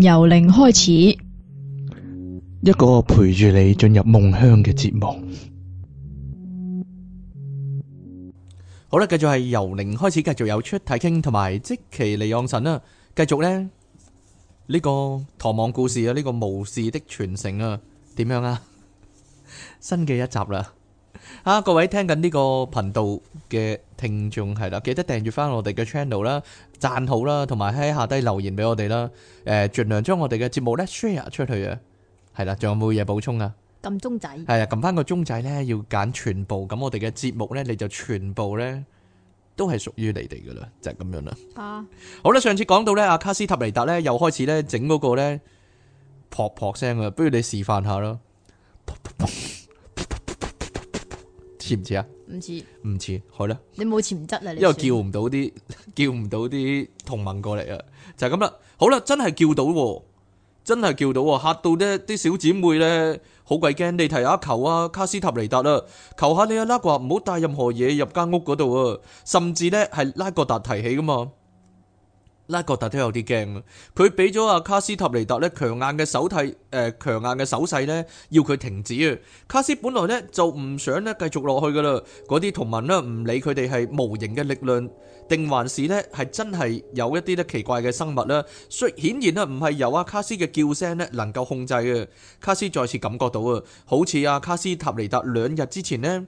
由零開始，一個陪住你進入夢鄉嘅節目。好啦，繼續係由零開始，繼續有出體傾同埋即其離盎神啦。繼續咧呢、這個唐望故事啊，呢、這個巫士的傳承啊，點樣啊？新嘅一集啦。啊！各位聽緊呢個頻道嘅聽眾係啦，記得訂閱翻我哋嘅 channel 啦，讚好啦，同埋喺下低留言俾我哋啦。誒、呃，盡量將我哋嘅節目咧 share 出去啊。係啦，仲有冇嘢補充啊？撳鐘仔？係啊，撳翻個鐘仔咧，要揀全部。咁我哋嘅節目咧，你就全部咧都係屬於你哋噶啦，就係、是、咁樣啦。啊，好啦，上次講到咧，阿卡斯塔尼達咧又開始咧整嗰個咧撲撲聲啊，不如你示範下咯。 似唔似啊？唔似，唔似，好啦。你冇潛質啊！因為叫唔到啲，叫唔到啲同盟過嚟啊，就咁啦。好啦，真係叫到，真係叫到，嚇到啲啲小姊妹咧，好鬼驚。你提下，球啊，卡斯塔尼達啦，求下你啊，拉國唔好帶任何嘢入間屋嗰度啊，甚至咧係拉國達提起噶嘛。拉哥特都有啲驚啊！佢俾咗阿卡斯塔尼達咧強硬嘅手勢，誒強硬嘅手勢咧，要佢停止啊！卡斯本來咧就唔想咧繼續落去噶啦，嗰啲同盟咧唔理佢哋係無形嘅力量，定還是咧係真係有一啲咧奇怪嘅生物咧，雖顯然咧唔係由阿卡斯嘅叫聲咧能夠控制嘅。卡斯再次感覺到啊，好似阿卡斯塔尼達兩日之前咧。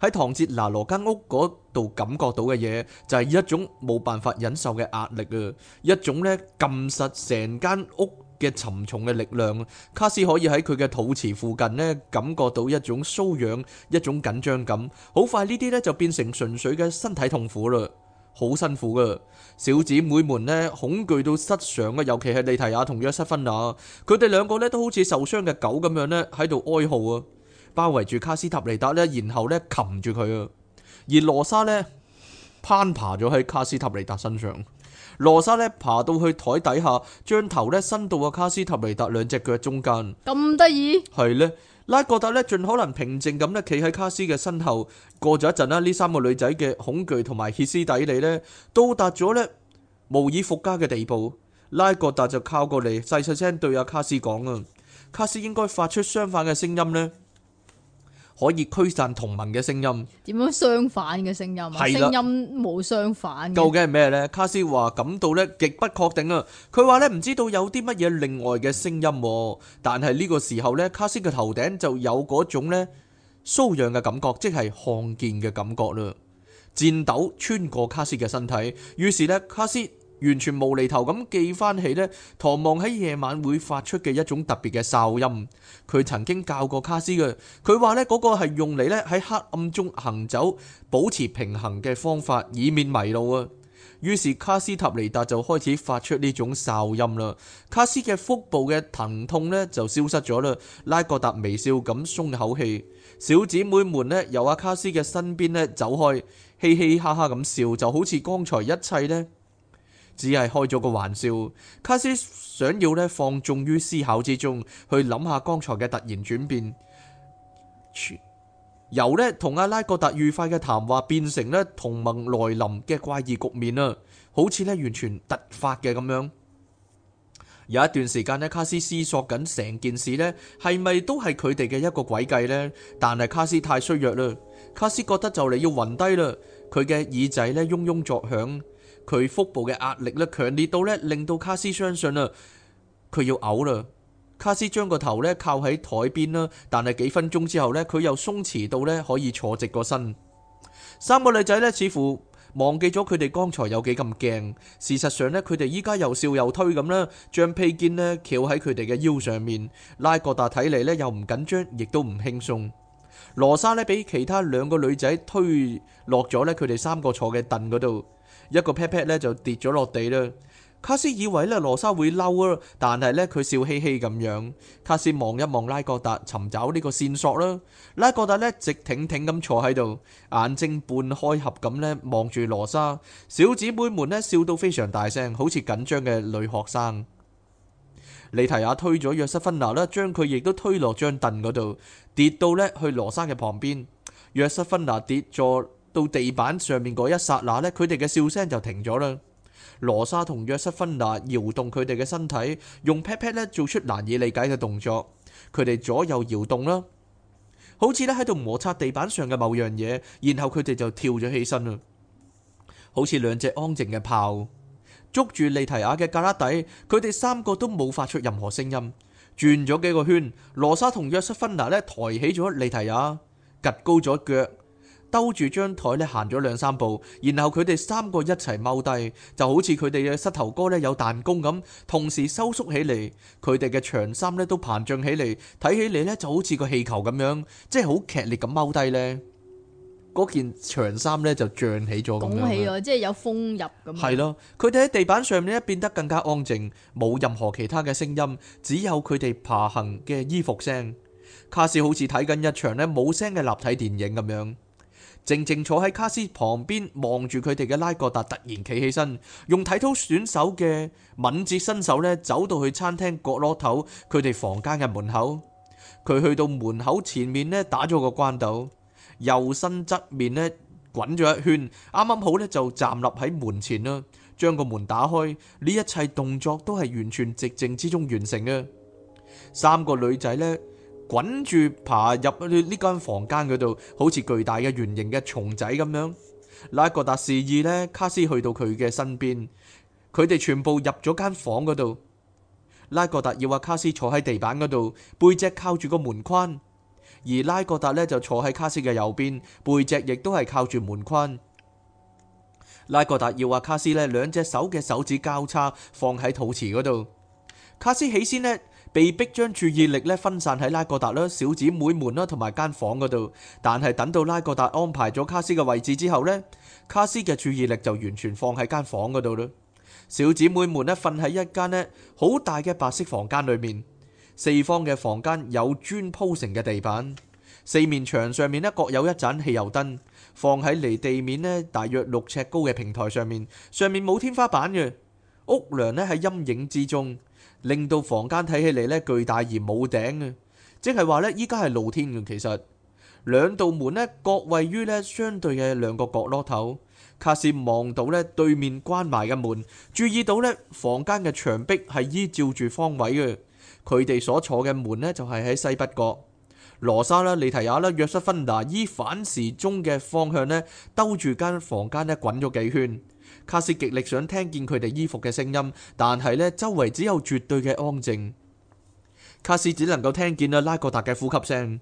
喺唐哲拿羅間屋嗰度感覺到嘅嘢，就係一種冇辦法忍受嘅壓力啊，一種咧撳實成間屋嘅沉重嘅力量。卡斯可以喺佢嘅肚臍附近咧感覺到一種搔癢，一種緊張感。好快呢啲咧就變成純粹嘅身體痛苦啦，好辛苦噶。小姊妹們咧恐懼到失常啊，尤其係莉提亞同約瑟芬娜，佢哋兩個咧都好似受傷嘅狗咁樣咧喺度哀號啊。包圍住卡斯塔尼達咧，然後咧擒住佢啊！而羅莎咧攀爬咗喺卡斯塔尼達身上，羅莎咧爬到去台底下，將頭咧伸到阿卡斯塔尼達兩隻腳中間。咁得意？係呢，拉葛達咧盡可能平靜咁咧企喺卡斯嘅身後。過咗一陣啦，呢三個女仔嘅恐懼同埋歇斯底里咧到達咗咧無以復加嘅地步。拉葛達就靠過嚟細細聲對阿卡斯講啊：「卡斯應該發出相反嘅聲音呢。」可以驅散同盟嘅聲音？點樣相反嘅聲音啊？聲音冇相反嘅。究竟係咩咧？卡斯話感到咧極不確定啦。佢話咧唔知道有啲乜嘢另外嘅聲音，但係呢個時候咧，卡斯嘅頭頂就有嗰種咧瘙癢嘅感覺，即係看見嘅感覺啦。顫抖穿過卡斯嘅身體，於是咧卡斯。完全無厘頭咁記翻起呢，唐望喺夜晚會發出嘅一種特別嘅哨音。佢曾經教過卡斯嘅，佢話呢嗰個係用嚟呢喺黑暗中行走保持平衡嘅方法，以免迷路啊。於是卡斯塔尼達就開始發出呢種哨音啦。卡斯嘅腹部嘅疼痛呢就消失咗啦。拉各達微笑咁鬆口氣，小姊妹們呢由阿卡斯嘅身邊呢走開，嘻嘻哈哈咁笑，就好似剛才一切呢。只係開咗個玩笑，卡斯想要咧放縱於思考之中，去諗下剛才嘅突然轉變，由咧同阿拉格達愉快嘅談話變成咧同盟來臨嘅怪異局面啊，好似咧完全突發嘅咁樣。有一段時間咧，卡斯思索緊成件事咧，係咪都係佢哋嘅一個詭計咧？但係卡斯太衰弱啦，卡斯覺得就嚟要暈低啦，佢嘅耳仔咧嗡嗡作響。佢腹部嘅壓力咧，強烈到咧，令到卡斯相信啦，佢要嘔啦。卡斯將個頭咧靠喺台邊啦，但係幾分鐘之後咧，佢又鬆弛到咧可以坐直個身。三個女仔咧，似乎忘記咗佢哋剛才有幾咁驚。事實上咧，佢哋依家又笑又推咁啦，將披肩咧翹喺佢哋嘅腰上面。拉格達睇嚟咧又唔緊張，亦都唔輕鬆。羅莎咧俾其他兩個女仔推落咗咧，佢哋三個坐嘅凳嗰度。一個 pat pat 呢就跌咗落地啦。卡斯以為呢羅莎會嬲啊，但係呢佢笑嘻嘻咁樣。卡斯望一望拉各達，尋找呢個線索啦。拉各達呢直挺挺咁坐喺度，眼睛半開合咁呢望住羅莎。小姊妹們呢笑到非常大聲，好似緊張嘅女學生。李提亞推咗約瑟芬娜呢將佢亦都推落張凳嗰度，跌到呢去羅莎嘅旁邊。約瑟芬娜跌咗到地板上面嗰一剎那呢，佢哋嘅笑聲就停咗啦。羅莎同約瑟芬娜搖動佢哋嘅身體，用 pat pat 做出難以理解嘅動作。佢哋左右搖動啦，好似咧喺度摩擦地板上嘅某樣嘢。然後佢哋就跳咗起身啦，好似兩隻安靜嘅豹，捉住利提亞嘅胳肋底。佢哋三個都冇發出任何聲音，轉咗幾個圈。羅莎同約瑟芬娜咧抬起咗利提亞，趌高咗腳。兜住張台咧，行咗兩三步，然後佢哋三個一齊踎低，就好似佢哋嘅膝頭哥咧有彈弓咁，同時收縮起嚟，佢哋嘅長衫咧都膨脹起嚟，睇起嚟咧就好似個氣球咁樣，即係好劇烈咁踎低咧。嗰件長衫咧就脹起咗，咁講起，即係有風入咁。係咯，佢哋喺地板上面咧變得更加安靜，冇任何其他嘅聲音，只有佢哋爬行嘅衣服聲。卡士好似睇緊一場咧冇聲嘅立體電影咁樣。靜靜坐喺卡斯旁邊望住佢哋嘅拉各達突然企起身，用體操選手嘅敏捷身手咧走到去餐廳角落頭佢哋房間嘅門口。佢去到門口前面咧打咗個關斗，右身側面咧滾咗一圈，啱啱好咧就站立喺門前啦，將個門打開。呢一切動作都係完全寂靜之中完成嘅。三個女仔呢。滾住爬入呢呢間房間嗰度，好似巨大嘅圓形嘅蟲仔咁樣。拉格達示意咧，卡斯去到佢嘅身邊，佢哋全部入咗間房嗰度。拉格達要話卡斯坐喺地板嗰度，背脊靠住個門框，而拉格達呢就坐喺卡斯嘅右邊，背脊亦都係靠住門框。拉格達要話卡斯呢兩隻手嘅手指交叉放喺肚臍嗰度。卡斯起先呢。被迫將注意力咧分散喺拉各達啦、小姊妹們啦同埋間房嗰度。但係等到拉各達安排咗卡斯嘅位置之後呢，卡斯嘅注意力就完全放喺間房嗰度啦。小姊妹們咧瞓喺一間咧好大嘅白色房間裏面，四方嘅房間有磚鋪成嘅地板，四面牆上面咧各有一盞汽油燈，放喺離地面咧大約六尺高嘅平台上面，上面冇天花板嘅屋梁咧喺陰影之中，令到房間睇起嚟咧巨大而冇頂嘅，即係話咧依家係露天嘅。其實兩道門咧各位於呢相對嘅兩個角落頭，卡斯望到呢對面關埋嘅門，注意到呢房間嘅牆壁係依照住方位嘅。佢哋所坐嘅門呢就係喺西北角。羅莎啦、利提亞啦、約瑟芬娜依反時鐘嘅方向呢，兜住間房間咧滾咗幾圈。卡斯極力想聽見佢哋衣服嘅聲音，但係呢周圍只有絕對嘅安靜。卡斯只能夠聽見啦，拉各達嘅呼吸聲。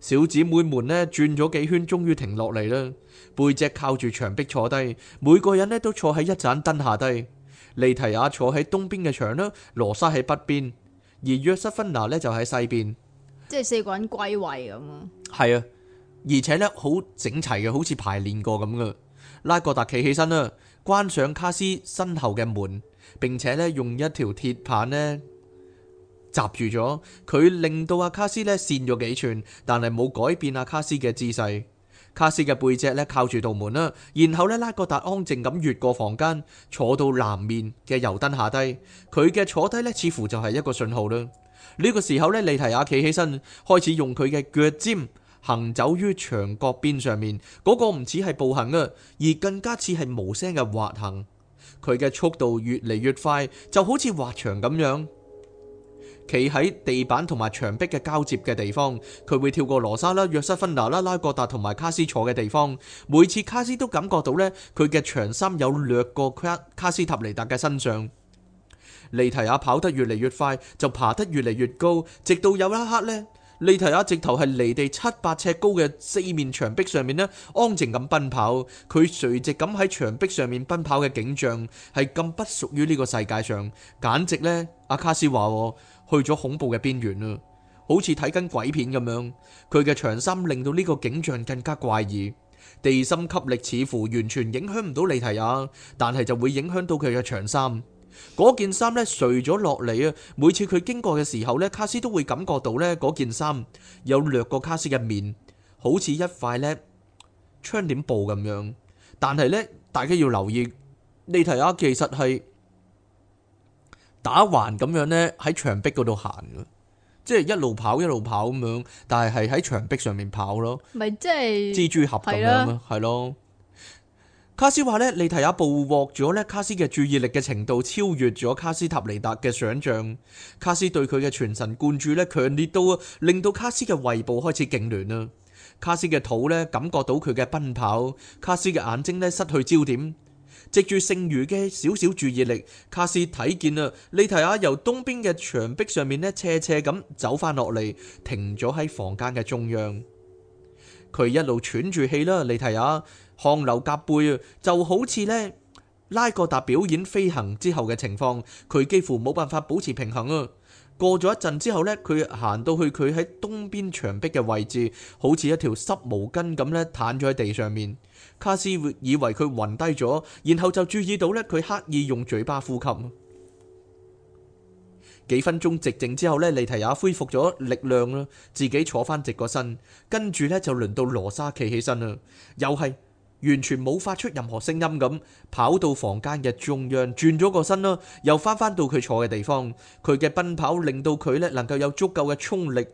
小姊妹們呢轉咗幾圈，終於停落嚟啦，背脊靠住牆壁坐低。每個人呢都坐喺一盞燈下低。莉提亞坐喺東邊嘅牆呢，羅莎喺北邊，而約瑟芬娜呢就喺西邊。即係四個人歸位咁啊。係啊，而且呢好整齊嘅，好似排練過咁噶。拉各達企起身啦。關上卡斯身後嘅門，並且咧，用一條鐵棒呢夾住咗佢，令到阿卡斯咧扇咗幾寸，但係冇改變阿卡斯嘅姿勢。卡斯嘅背脊咧靠住道門啦，然後咧拉格達安靜咁越過房間，坐到南面嘅油燈下低。佢嘅坐低咧似乎就係一個信號啦。呢個時候咧，利提亞企起身，開始用佢嘅腳尖。行走於牆角邊上面，嗰個唔似係步行啊，而更加似係無聲嘅滑行。佢嘅速度越嚟越快，就好似滑牆咁樣。企喺地板同埋牆壁嘅交接嘅地方，佢會跳過羅莎啦、約瑟芬娜啦、拉格達同埋卡斯坐嘅地方。每次卡斯都感覺到呢，佢嘅長衫有掠過卡斯塔尼達嘅身上。利提亞跑得越嚟越快，就爬得越嚟越高，直到有一刻呢。利提亞直頭係離地七八尺高嘅四面牆壁上面呢，安靜咁奔跑。佢垂直咁喺牆壁上面奔跑嘅景象係咁不屬於呢個世界上，簡直呢，阿卡斯話去咗恐怖嘅邊緣啊，好似睇緊鬼片咁樣。佢嘅長衫令到呢個景象更加怪異，地心吸力似乎完全影響唔到利提亞，但係就會影響到佢嘅長衫。嗰件衫咧垂咗落嚟啊！每次佢經過嘅時候咧，卡斯都會感覺到咧嗰件衫有掠過卡斯嘅面，好似一塊咧窗簾布咁樣。但係咧，大家要留意，你睇下，其實係打橫咁樣咧喺牆壁嗰度行嘅，即係一路跑一路跑咁樣，但係係喺牆壁上面跑咯。咪即係蜘蛛俠咁樣咯，係咯的。卡斯話呢，利提亞捕獲咗咧卡斯嘅注意力嘅程度超越咗卡斯塔尼達嘅想象。卡斯對佢嘅全神貫注咧，強烈到令到卡斯嘅胃部開始痙攣啦。卡斯嘅肚咧感覺到佢嘅奔跑，卡斯嘅眼睛咧失去焦點，藉住剩餘嘅少少注意力，卡斯睇見啦，利提亞由東邊嘅牆壁上面咧斜斜咁走返落嚟，停咗喺房間嘅中央。佢一路喘住氣啦，利提亞。汗流浹背啊，就好似呢拉格達表演飛行之後嘅情況，佢幾乎冇辦法保持平衡啊。過咗一陣之後呢，佢行到去佢喺東邊牆壁嘅位置，好似一條濕毛巾咁呢，癱咗喺地上面。卡斯沃以為佢暈低咗，然後就注意到呢，佢刻意用嘴巴呼吸。幾分鐘寂靜之後呢，利提亞恢復咗力量啦，自己坐翻直個身，跟住呢，就輪到羅莎企起身啦，又係。完全冇發出任何聲音咁，跑到房間嘅中央，轉咗個身啦，又返返到佢坐嘅地方。佢嘅奔跑令到佢呢能夠有足夠嘅衝力，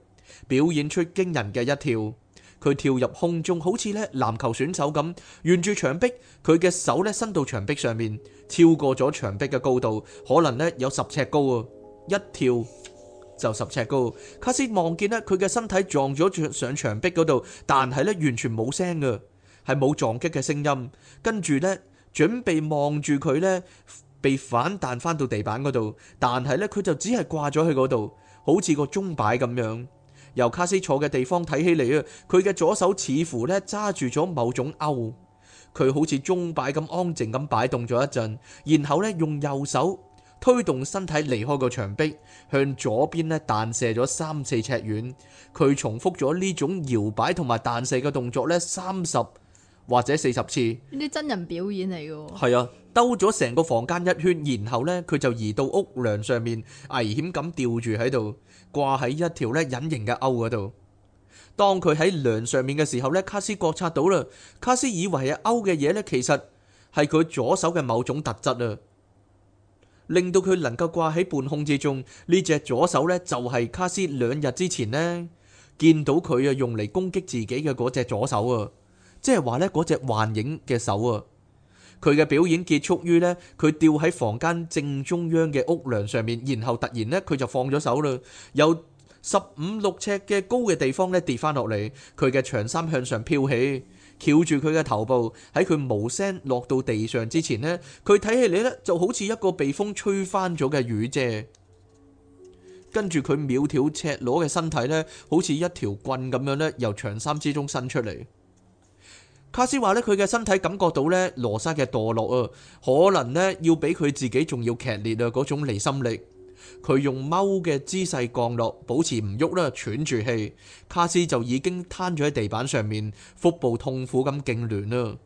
表演出驚人嘅一跳。佢跳入空中，好似呢籃球選手咁，沿住牆壁。佢嘅手呢伸到牆壁上面，超過咗牆壁嘅高度，可能呢有十尺高啊！一跳就十尺高。卡斯望見呢佢嘅身體撞咗上牆壁嗰度，但係呢完全冇聲嘅。係冇撞擊嘅聲音，跟住呢，準備望住佢呢，被反彈返到地板嗰度。但係呢，佢就只係掛咗去嗰度，好似個鐘擺咁樣。由卡西坐嘅地方睇起嚟，佢嘅左手似乎呢揸住咗某種勾。佢好似鐘擺咁安靜咁擺動咗一陣，然後呢，用右手推動身體離開個牆壁，向左邊呢彈射咗三四尺遠。佢重複咗呢種搖擺同埋彈射嘅動作呢。三十，或者四十次，呢啲真人表演嚟嘅，係啊，兜咗成個房間一圈，然後咧佢就移到屋梁上面，危險咁吊住喺度，掛喺一條咧隱形嘅鈎嗰度。當佢喺梁上面嘅時候咧，卡斯覺察到啦，卡斯以為係，鈎嘅嘢咧，其實係佢左手嘅某種特質啊，令到佢能夠掛喺半空之中。呢隻左手咧就係卡斯兩日之前咧見到佢啊用嚟攻擊自己嘅嗰隻左手啊。即係話呢嗰隻幻影嘅手啊，佢嘅表演結束於呢，佢吊喺房間正中央嘅屋梁上面，然後突然呢，佢就放咗手啦，由十五六尺嘅高嘅地方呢跌翻落嚟，佢嘅長衫向上飄起，翹住佢嘅頭部，喺佢無聲落到地上之前呢，佢睇起嚟呢就好似一個被風吹翻咗嘅雨遮，跟住佢苗條赤裸嘅身體呢，好似一條棍咁樣呢，由長衫之中伸出嚟。卡斯話咧，佢嘅身體感覺到咧羅莎嘅墮落啊，可能咧要比佢自己仲要劇烈啊嗰種離心力。佢用踎嘅姿勢降落，保持唔喐啦，喘住氣。卡斯就已經攤咗喺地板上面，腹部痛苦咁痙攣啦。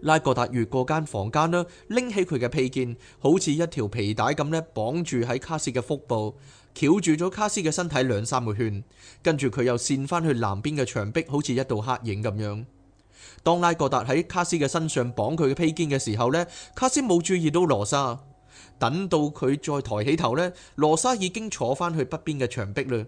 拉各達越過間房間啦，拎起佢嘅披肩，好似一條皮帶咁咧綁住喺卡斯嘅腹部。翹住咗卡斯嘅身體兩三個圈，跟住佢又扇返去南邊嘅牆壁，好似一道黑影咁樣。當拉格達喺卡斯嘅身上綁佢嘅披肩嘅時候呢，卡斯冇注意到羅莎。等到佢再抬起頭呢，羅莎已經坐返去北邊嘅牆壁嘞。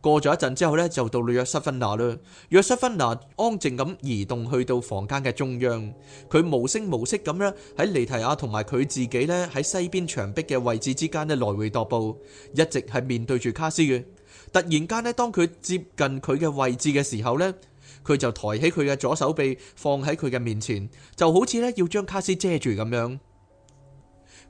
過咗一陣之後呢，就到約瑟芬娜啦。約瑟芬娜安靜咁移動去到房間嘅中央，佢無聲無息咁樣喺尼提亞同埋佢自己咧喺西邊牆壁嘅位置之間呢來回踱步，一直係面對住卡斯嘅。突然間呢，當佢接近佢嘅位置嘅時候呢，佢就抬起佢嘅左手臂放喺佢嘅面前，就好似呢要將卡斯遮住咁樣。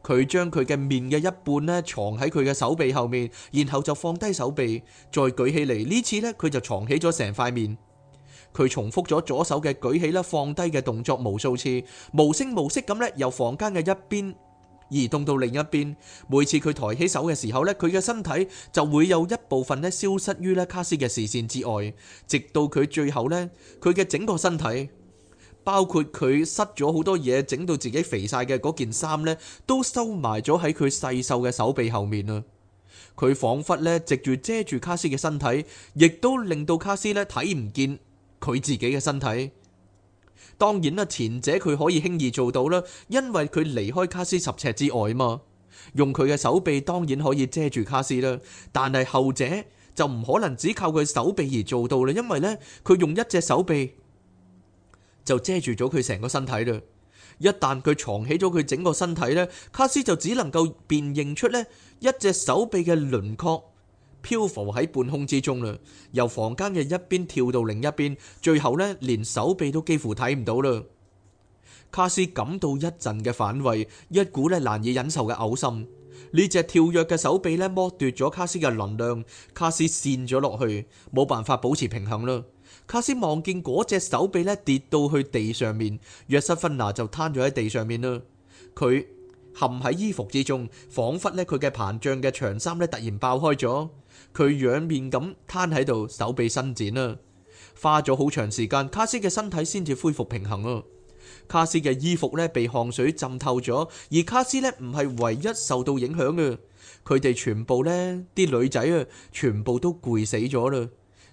佢將佢嘅面嘅一半咧藏喺佢嘅手臂後面，然後就放低手臂，再舉起嚟。呢次咧，佢就藏起咗成塊面。佢重複咗左手嘅舉起啦、放低嘅動作無數次，無聲無息咁咧由房間嘅一邊移動到另一邊。每次佢抬起手嘅時候咧，佢嘅身體就會有一部分咧消失於咧卡斯嘅視線之外。直到佢最後咧，佢嘅整個身體。包括佢塞咗好多嘢，整到自己肥晒嘅嗰件衫咧，都收埋咗喺佢細瘦嘅手臂後面啊！佢仿佛咧，藉住遮住卡斯嘅身體，亦都令到卡斯咧睇唔見佢自己嘅身體。當然啦，前者佢可以輕易做到啦，因為佢離開卡斯十尺之外嘛，用佢嘅手臂當然可以遮住卡斯啦。但係後者就唔可能只靠佢手臂而做到啦，因為咧佢用一隻手臂。就遮住咗佢成個身體嘞。一旦佢藏起咗佢整個身體呢，卡斯就只能夠辨認出呢一隻手臂嘅輪廓，漂浮喺半空之中嘞。由房間嘅一邊跳到另一邊，最後呢連手臂都幾乎睇唔到嘞。卡斯感到一陣嘅反胃，一股呢難以忍受嘅嘔心。呢隻跳躍嘅手臂呢剝奪咗卡斯嘅能量，卡斯跣咗落去，冇辦法保持平衡嘞。卡斯望見嗰隻手臂咧跌到去地上面，約瑟芬娜就攤咗喺地上面啦。佢陷喺衣服之中，仿佛咧佢嘅膨脹嘅長衫咧突然爆開咗。佢仰面咁攤喺度，手臂伸展啦。花咗好長時間，卡斯嘅身體先至恢復平衡啊。卡斯嘅衣服咧被汗水浸透咗，而卡斯咧唔係唯一受到影響嘅，佢哋全部咧啲女仔啊，全部都攰死咗啦。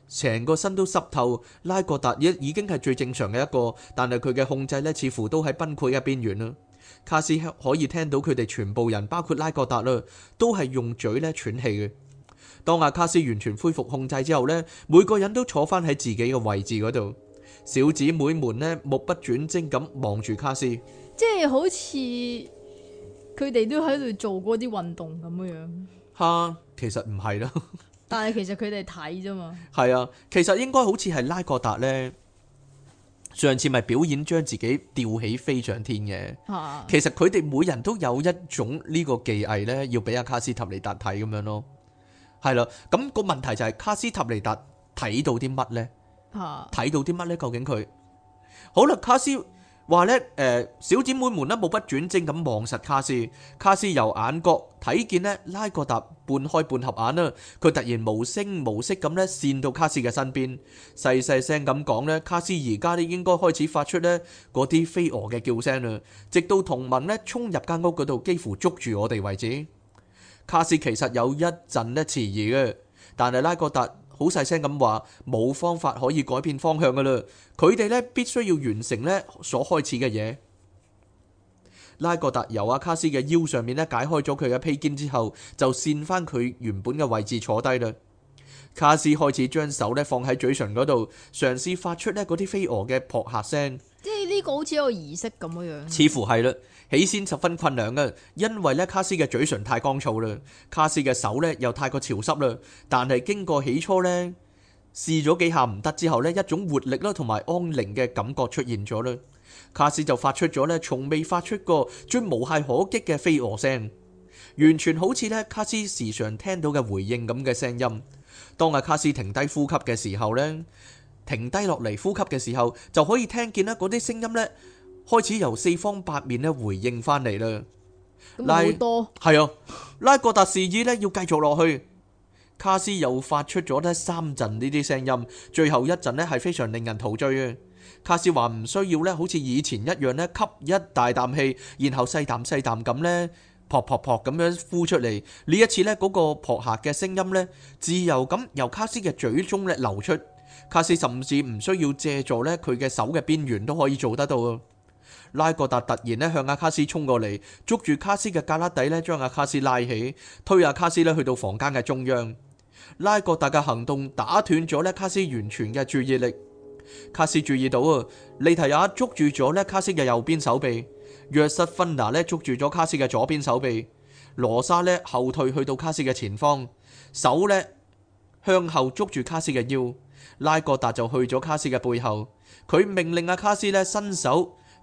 成個身都濕透，拉格達已已經係最正常嘅一個，但係佢嘅控制呢，似乎都喺崩潰嘅邊緣啦。卡斯可以聽到佢哋全部人，包括拉格達啦，都係用嘴咧喘氣嘅。當阿卡斯完全恢復控制之後呢，每個人都坐翻喺自己嘅位置嗰度。小姊妹們呢，目不轉睛咁望住卡斯，即係好似佢哋都喺度做過啲運動咁樣。吓，其實唔係啦。但係其實佢哋睇啫嘛，係啊，其實應該好似係拉格達呢，上次咪表演將自己吊起飛上天嘅。其實佢哋每人都有一種呢個技藝呢，要俾阿卡斯塔尼達睇咁樣咯，係啦，啊，咁，咁個問題就係卡斯塔尼達睇到啲乜呢？睇，啊，到啲乜呢？究竟佢好啦，卡斯。話呢，誒、呃，小姊妹們呢，目不轉睛咁望實卡斯，卡斯由眼角睇見呢，拉各達半開半合眼啦，佢突然無聲無息咁呢，扇到卡斯嘅身邊，細細聲咁講呢，卡斯而家咧應該開始發出呢嗰啲飛蛾嘅叫聲啦，直到同盟呢，衝入間屋嗰度，幾乎捉住我哋為止。卡斯其實有一陣呢，遲疑嘅，但係拉各達。好細聲咁話，冇方法可以改變方向㗎喇。佢哋咧必須要完成咧所開始嘅嘢。拉格達由阿卡斯嘅腰上面咧解開咗佢嘅披肩之後，就扇翻佢原本嘅位置坐低啦。卡斯開始將手咧放喺嘴唇嗰度，嘗試發出咧嗰啲飛蛾嘅撲吓聲。即係呢個好似一個儀式咁樣樣。似乎係嘞。起先十分困難嘅，因為咧卡斯嘅嘴唇太乾燥啦，卡斯嘅手咧又太過潮濕啦。但係經過起初咧試咗幾下唔得之後咧，一種活力啦同埋安寧嘅感覺出現咗啦。卡斯就發出咗咧從未發出過最無懈可擊嘅飛蛾聲，完全好似咧卡斯時常聽到嘅回應咁嘅聲音。當阿卡斯停低呼吸嘅時候咧，停低落嚟呼吸嘅時候，就可以聽見啦嗰啲聲音咧。開始由四方八面咧回應返嚟啦，咁好多係啊！拉國達示意咧要繼續落去，卡斯又發出咗咧三陣呢啲聲音，最後一陣咧係非常令人陶醉啊！卡斯話唔需要咧，好似以前一樣咧，吸一大啖氣，然後細啖細啖咁咧，撲撲撲咁樣呼出嚟。呢一次咧，嗰個撲下嘅聲音咧，自由咁由卡斯嘅嘴中咧流出，卡斯甚至唔需要借助咧佢嘅手嘅邊緣都可以做得到。拉葛達突然咧向阿卡斯衝過嚟，捉住卡斯嘅胳肋底咧，將阿卡斯拉起，推阿卡斯咧去到房間嘅中央。拉葛達嘅行動打斷咗咧卡斯完全嘅注意力。卡斯注意到啊，利提亞捉住咗咧卡斯嘅右邊手臂，約瑟芬娜咧捉住咗卡斯嘅左邊手臂，羅莎咧後退去到卡斯嘅前方，手咧向後捉住卡斯嘅腰。拉葛達就去咗卡斯嘅背後，佢命令阿卡斯咧伸手。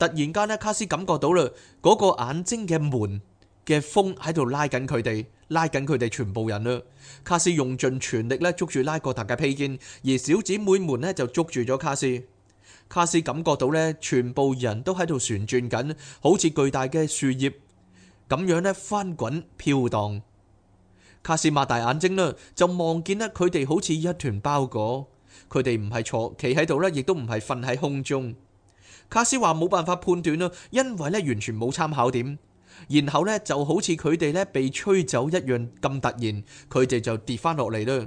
突然間咧，卡斯感覺到嘞嗰個眼睛嘅門嘅風喺度拉緊佢哋，拉緊佢哋全部人啦。卡斯用盡全力咧捉住拉格達嘅披肩，而小姊妹們呢就捉住咗卡斯。卡斯感覺到呢，全部人都喺度旋轉緊，好似巨大嘅樹葉咁樣呢，翻滾飄蕩。卡斯擘大眼睛呢，就望見呢，佢哋好似一團包裹，佢哋唔係坐企喺度呢，亦都唔係瞓喺空中。卡斯話冇辦法判斷啦，因為咧完全冇參考點。然後咧就好似佢哋咧被吹走一樣咁突然，佢哋就跌翻落嚟啦。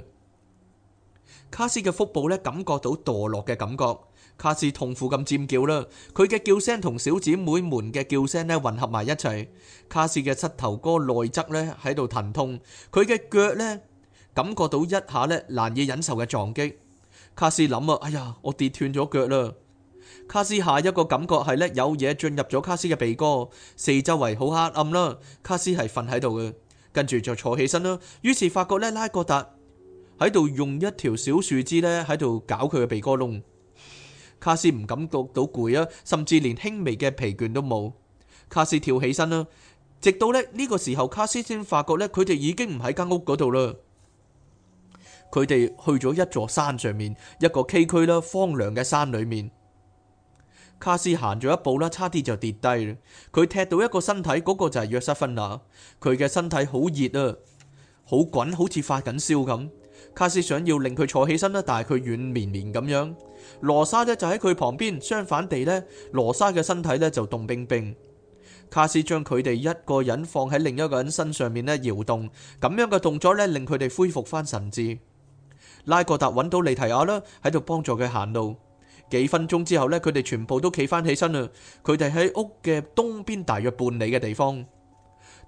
卡斯嘅腹部咧感覺到墮落嘅感覺，卡斯痛苦咁尖叫啦。佢嘅叫聲同小姊妹們嘅叫聲咧混合埋一齊。卡斯嘅膝頭哥內側咧喺度疼痛，佢嘅腳咧感覺到一下咧難以忍受嘅撞擊。卡斯諗啊，哎呀，我跌斷咗腳啦！卡斯下一個感覺係呢，有嘢進入咗卡斯嘅鼻哥，四周圍好黑暗啦。卡斯係瞓喺度嘅，跟住就坐起身啦。於是發覺呢，拉格達喺度用一條小樹枝呢喺度搞佢嘅鼻哥窿。卡斯唔感覺到攰啊，甚至連輕微嘅疲倦都冇。卡斯跳起身啦，直到呢，呢個時候卡斯先發覺呢，佢哋已經唔喺間屋嗰度啦，佢哋去咗一座山上面，一個崎嶇啦，荒涼嘅山裏面。卡斯行咗一步啦，差啲就跌低。佢踢到一個身體，嗰、嗰個就係約瑟芬娜，佢嘅身體好熱啊，好滾，好似發緊燒咁。卡斯想要令佢坐起身啦，但係佢軟綿綿咁樣。羅莎呢就喺佢旁邊，相反地呢，羅莎嘅身體呢就凍冰冰。卡斯將佢哋一個人放喺另一個人身上面呢搖動，咁樣嘅動作呢令佢哋恢復翻神志。拉各達揾到利提亞啦，喺度幫助佢行路。幾分鐘之後呢，佢哋全部都企返起身啦。佢哋喺屋嘅東邊大約半里嘅地方。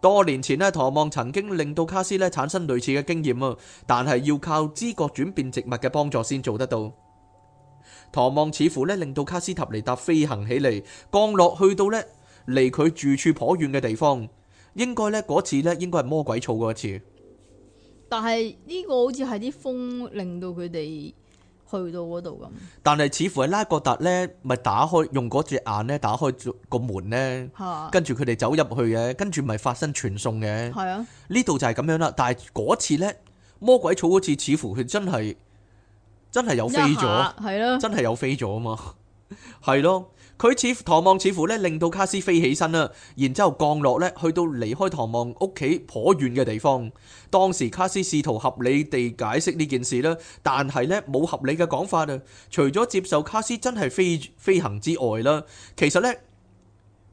多年前呢，唐望曾經令到卡斯呢產生類似嘅經驗啊，但係要靠知覺轉變植物嘅幫助先做得到。唐望似乎呢令到卡斯塔尼達飛行起嚟，降落去到呢離佢住處頗遠嘅地方。應該呢嗰次呢應該係魔鬼措過一次，但係呢個好似係啲風令到佢哋。去到嗰度咁，但係似乎係拉格達呢咪打開用嗰隻眼呢打開個門呢，跟住佢哋走入去嘅，跟住咪發生傳送嘅。呢度就係咁樣啦。但係嗰次呢，魔鬼草嗰次似乎佢真係真係有飛咗，啊啊、真係有飛咗啊嘛，係 咯。佢似乎，唐望，似乎咧令到卡斯飛起身啦，然之後降落咧，去到離開唐望屋企頗遠嘅地方。當時卡斯試圖合理地解釋呢件事啦，但係咧冇合理嘅講法啊，除咗接受卡斯真係飛飛行之外啦，其實咧。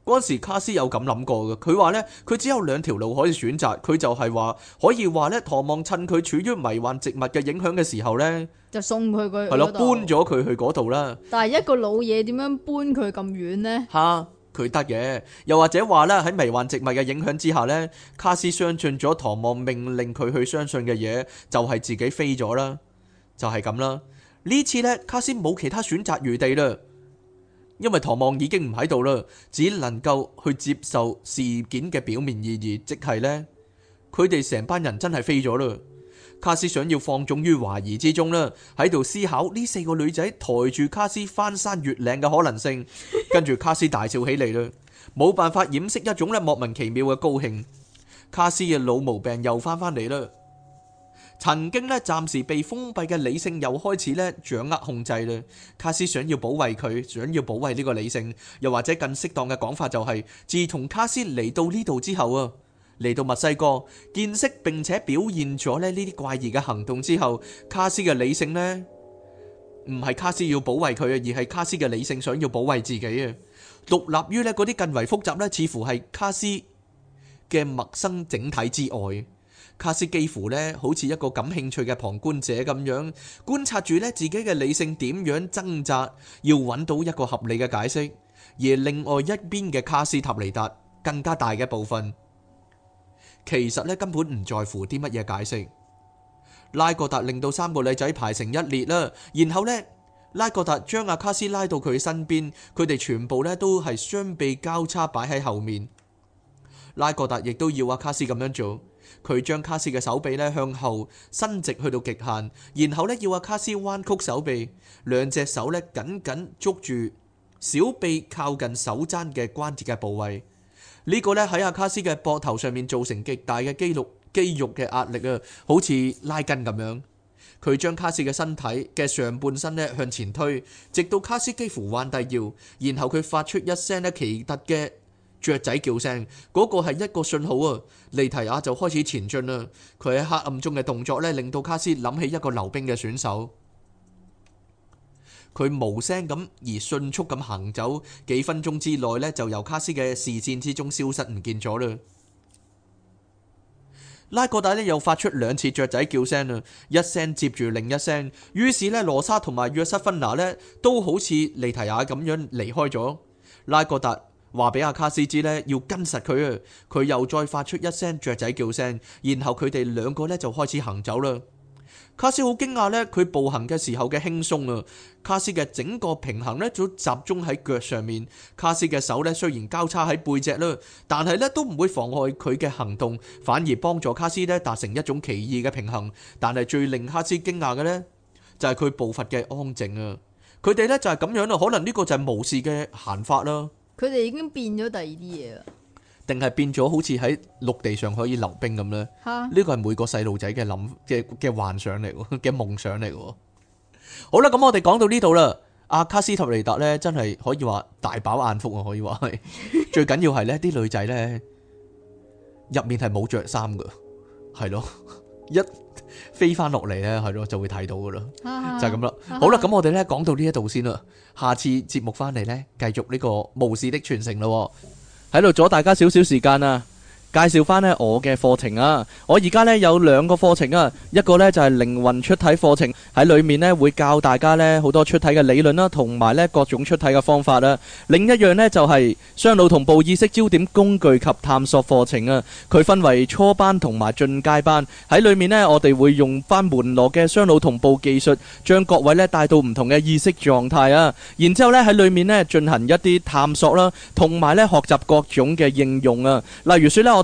嗰陣時，卡斯有咁諗過嘅。佢話呢，佢只有兩條路可以選擇，佢就係話可以話呢，唐望趁佢處於迷幻植物嘅影響嘅時候呢，就送佢去係咯，搬咗佢去嗰度啦。但係一個老嘢點樣搬佢咁遠呢？吓？佢得嘅。又或者話呢，喺迷幻植物嘅影響之下呢，卡斯相信咗唐望命令佢去相信嘅嘢，就係自己飛咗啦。就係咁啦。呢次呢，卡斯冇其他選擇餘地啦。因為唐望已經唔喺度啦，只能夠去接受事件嘅表面意義，即係呢，佢哋成班人真係飛咗啦。卡斯想要放縱於懷疑之中啦，喺度思考呢四個女仔抬住卡斯翻山越嶺嘅可能性。跟住卡斯大笑起嚟啦，冇辦法掩飾一種咧莫名其妙嘅高興。卡斯嘅老毛病又翻返嚟啦。曾經咧暫時被封閉嘅理性又開始咧掌握控制啦。卡斯想要保衛佢，想要保衛呢個理性，又或者更適當嘅講法就係，自從卡斯嚟到呢度之後啊，嚟到墨西哥，見識並且表現咗咧呢啲怪異嘅行動之後，卡斯嘅理性呢？唔係卡斯要保衛佢啊，而係卡斯嘅理性想要保衛自己啊，獨立於咧嗰啲更為複雜咧，似乎係卡斯嘅陌生整體之外。卡斯幾乎呢好似一個感興趣嘅旁觀者咁樣觀察住呢自己嘅理性點樣掙扎，要揾到一個合理嘅解釋。而另外一邊嘅卡斯塔尼達更加大嘅部分，其實呢根本唔在乎啲乜嘢解釋。拉各達令到三個女仔排成一列啦，然後呢，拉各達將阿卡斯拉到佢身邊，佢哋全部呢都係雙臂交叉擺喺後面。拉各達亦都要阿卡斯咁樣做。佢將卡斯嘅手臂咧向後伸直去到極限，然後咧要阿卡斯彎曲手臂，兩隻手咧緊緊捉住小臂靠近手踭嘅關節嘅部位。呢個咧喺阿卡斯嘅膊頭上面造成極大嘅肌肉肌肉嘅壓力啊，好似拉筋咁樣。佢將卡斯嘅身體嘅上半身咧向前推，直到卡斯幾乎彎低腰，然後佢發出一聲咧奇特嘅。雀仔叫聲嗰個係一個信號啊！利提亞就開始前進啦。佢喺黑暗中嘅動作呢，令到卡斯諗起一個溜冰嘅選手。佢無聲咁而迅速咁行走，幾分鐘之內呢，就由卡斯嘅視線之中消失唔見咗啦。拉哥達呢又發出兩次雀仔叫聲啊，一聲接住另一聲。於是呢，羅莎同埋約瑟芬娜呢，都好似利提亞咁樣離開咗。拉哥達。話俾阿卡斯知呢，要跟實佢啊。佢又再發出一聲雀仔叫聲，然後佢哋兩個呢就開始行走啦。卡斯好驚訝呢，佢步行嘅時候嘅輕鬆啊。卡斯嘅整個平衡呢就集中喺腳上面。卡斯嘅手呢雖然交叉喺背脊啦，但係呢都唔會妨礙佢嘅行動，反而幫助卡斯呢達成一種奇異嘅平衡。但係最令卡斯驚訝嘅呢就係佢步伐嘅安靜啊。佢哋呢就係咁樣啦，可能呢個就係無視嘅行法啦。佢哋已經變咗第二啲嘢啦，定係變咗好似喺陸地上可以溜冰咁咧？呢個係每個細路仔嘅諗嘅嘅幻想嚟嘅，嘅夢想嚟嘅。好啦，咁我哋講到呢度啦，阿卡斯塔尼達咧真係可以話大飽眼福啊！可以話係最緊要係咧啲女仔咧入面係冇著衫㗎，係咯一。飛翻落嚟咧，係咯，就會睇到噶啦， 就係咁啦。 好啦，咁我哋咧講到呢一度先啦，下次節目翻嚟咧，繼續呢個巫士的傳承咯，喺度阻大家少少時間啊。介紹翻呢我嘅課程啊！我而家呢有兩個課程啊，一個呢就係靈魂出體課程，喺裏面呢會教大家呢好多出體嘅理論啦，同埋呢各種出體嘅方法啊。另一樣呢就係雙腦同步意識焦點工具及探索課程啊。佢分為初班同埋進階班，喺裏面呢我哋會用翻門羅嘅雙腦同步技術，將各位呢帶到唔同嘅意識狀態啊。然之後呢喺裏面呢進行一啲探索啦，同埋呢學習各種嘅應用啊。例如説呢我。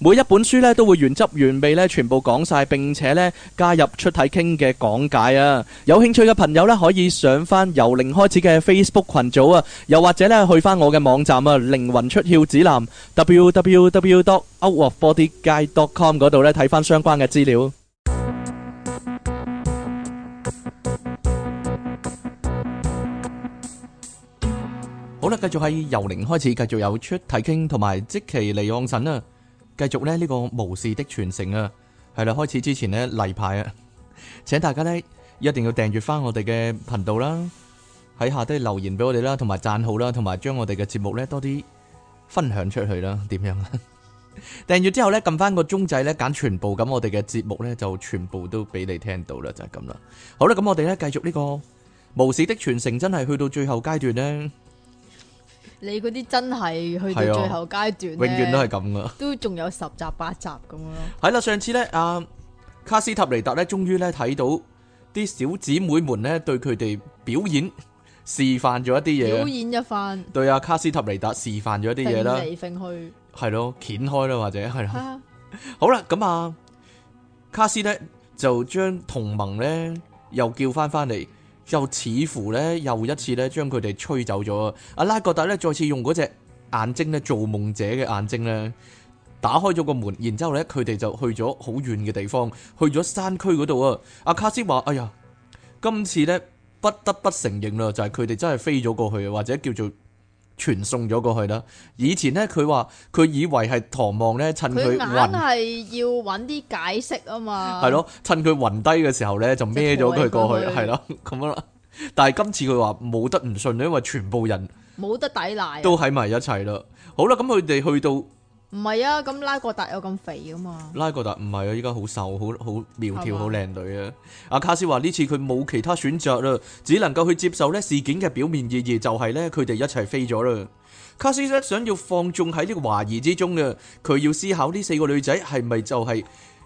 每一本書咧都會原汁原味咧全部講晒，並且咧加入出體傾嘅講解啊！有興趣嘅朋友咧可以上翻由零開始嘅 Facebook 群組啊，又或者咧去翻我嘅網站啊，靈魂出竅指南 www.outofbodyguide.com 嗰度咧睇翻相關嘅資料。好啦，繼續係由零開始，繼續有出體傾同埋即其利妄神啊！繼續咧呢個巫士的傳承啊，係啦！開始之前咧，例牌啊，請大家咧一定要訂閱翻我哋嘅頻道啦，喺下低留言俾我哋啦，同埋讚好啦，同埋將我哋嘅節目咧多啲分享出去啦，點樣啊？訂閱之後咧，撳翻個鐘仔咧，揀全部，咁我哋嘅節目咧就全部都俾你聽到啦，就係咁啦。好啦，咁我哋咧繼續呢個巫士的傳承，真係去到最後階段咧。你嗰啲真係去到最後階段，永遠都係咁噶，都仲有十集八集咁咯。係啦，上次咧，阿卡斯塔尼達咧，終於咧睇到啲小姊妹們咧，對佢哋表演示範咗一啲嘢，表演一番。對阿卡斯塔尼達示範咗一啲嘢啦，嚟嚟去去係咯，掀開啦，或者係啦。好啦，咁啊，卡斯咧就將同盟咧又叫翻翻嚟。又似乎咧，又一次咧，將佢哋吹走咗。阿拉各達咧，再次用嗰隻眼睛咧，做夢者嘅眼睛咧，打開咗個門，然之後咧，佢哋就去咗好遠嘅地方，去咗山區嗰度啊。阿卡斯話，哎呀，今次咧，不得不承認啦，就係佢哋真係飛咗過去，或者叫做。傳送咗過去啦！以前咧，佢話佢以為係唐望咧，趁佢暈硬係要揾啲解釋啊嘛。係咯，趁佢暈低嘅時候咧，就孭咗佢過去，係咯，咁樣啦。但係今次佢話冇得唔信，因為全部人冇得抵賴，都喺埋一齊啦。好啦，咁佢哋去到。唔係啊，咁拉過達有咁肥噶嘛？拉過達唔係啊，依家好瘦，好好苗條，好靚女啊！阿吧卡斯話呢次佢冇其他選擇啦，只能夠去接受呢事件嘅表面意義，就係呢，佢哋一齊飛咗啦。卡斯想要放縱喺呢個懷疑之中啊，佢要思考呢四個女仔係咪就係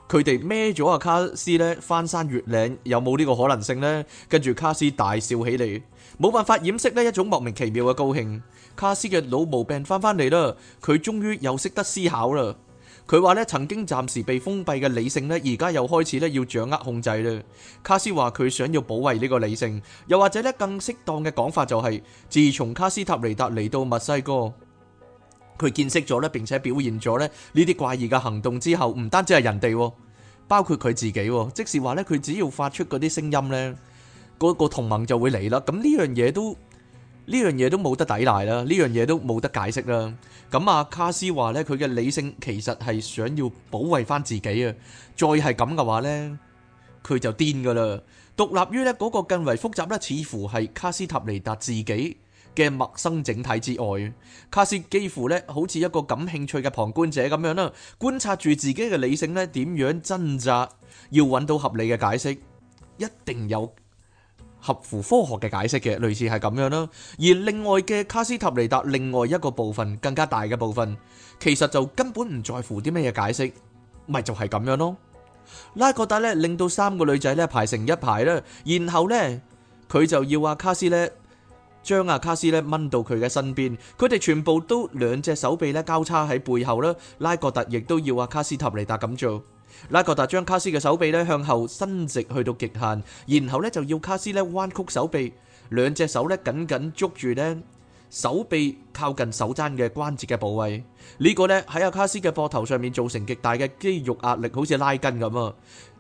佢哋孭咗阿卡斯呢？翻山越嶺，有冇呢個可能性呢？跟住卡斯大笑起嚟，冇辦法掩飾呢一種莫名其妙嘅高興。卡斯嘅老毛病翻返嚟啦，佢終於又識得思考啦。佢話咧，曾經暫時被封閉嘅理性咧，而家又開始咧要掌握控制啦。卡斯話佢想要保衛呢個理性，又或者咧更適當嘅講法就係，自從卡斯塔尼達嚟到墨西哥，佢見識咗咧，並且表現咗咧呢啲怪異嘅行動之後，唔單止係人哋，包括佢自己，即使話咧，佢只要發出嗰啲聲音咧，嗰個同盟就會嚟啦。咁呢樣嘢都。呢樣嘢都冇得抵賴啦，呢樣嘢都冇得解釋啦。咁啊，卡斯話咧，佢嘅理性其實係想要保衛翻自己啊。再係咁嘅話咧，佢就癲噶啦。獨立於咧個更為複雜啦，似乎係卡斯塔尼達自己嘅陌生整體之外，卡斯幾乎咧好似一個感興趣嘅旁觀者咁樣啦，觀察住自己嘅理性咧點樣掙扎，要揾到合理嘅解釋，一定有合乎科學嘅解釋嘅，類似係咁樣啦。而另外嘅卡斯塔尼達，另外一個部分，更加大嘅部分，其實就根本唔在乎啲咩嘢解釋，咪就係咁樣咯。拉格達咧令到三個女仔咧排成一排啦，然後咧佢就要阿卡斯咧將阿卡斯咧掹到佢嘅身邊，佢哋全部都兩隻手臂咧交叉喺背後啦。拉格達亦都要阿卡斯塔尼達咁做。拉格達將卡斯嘅手臂咧向後伸直去到極限，然後咧就要卡斯咧彎曲手臂，兩隻手咧緊緊捉住咧手臂靠近手踭嘅關節嘅部位。呢個咧喺阿卡斯嘅膊頭上面造成極大嘅肌肉壓力，好似拉筋咁啊！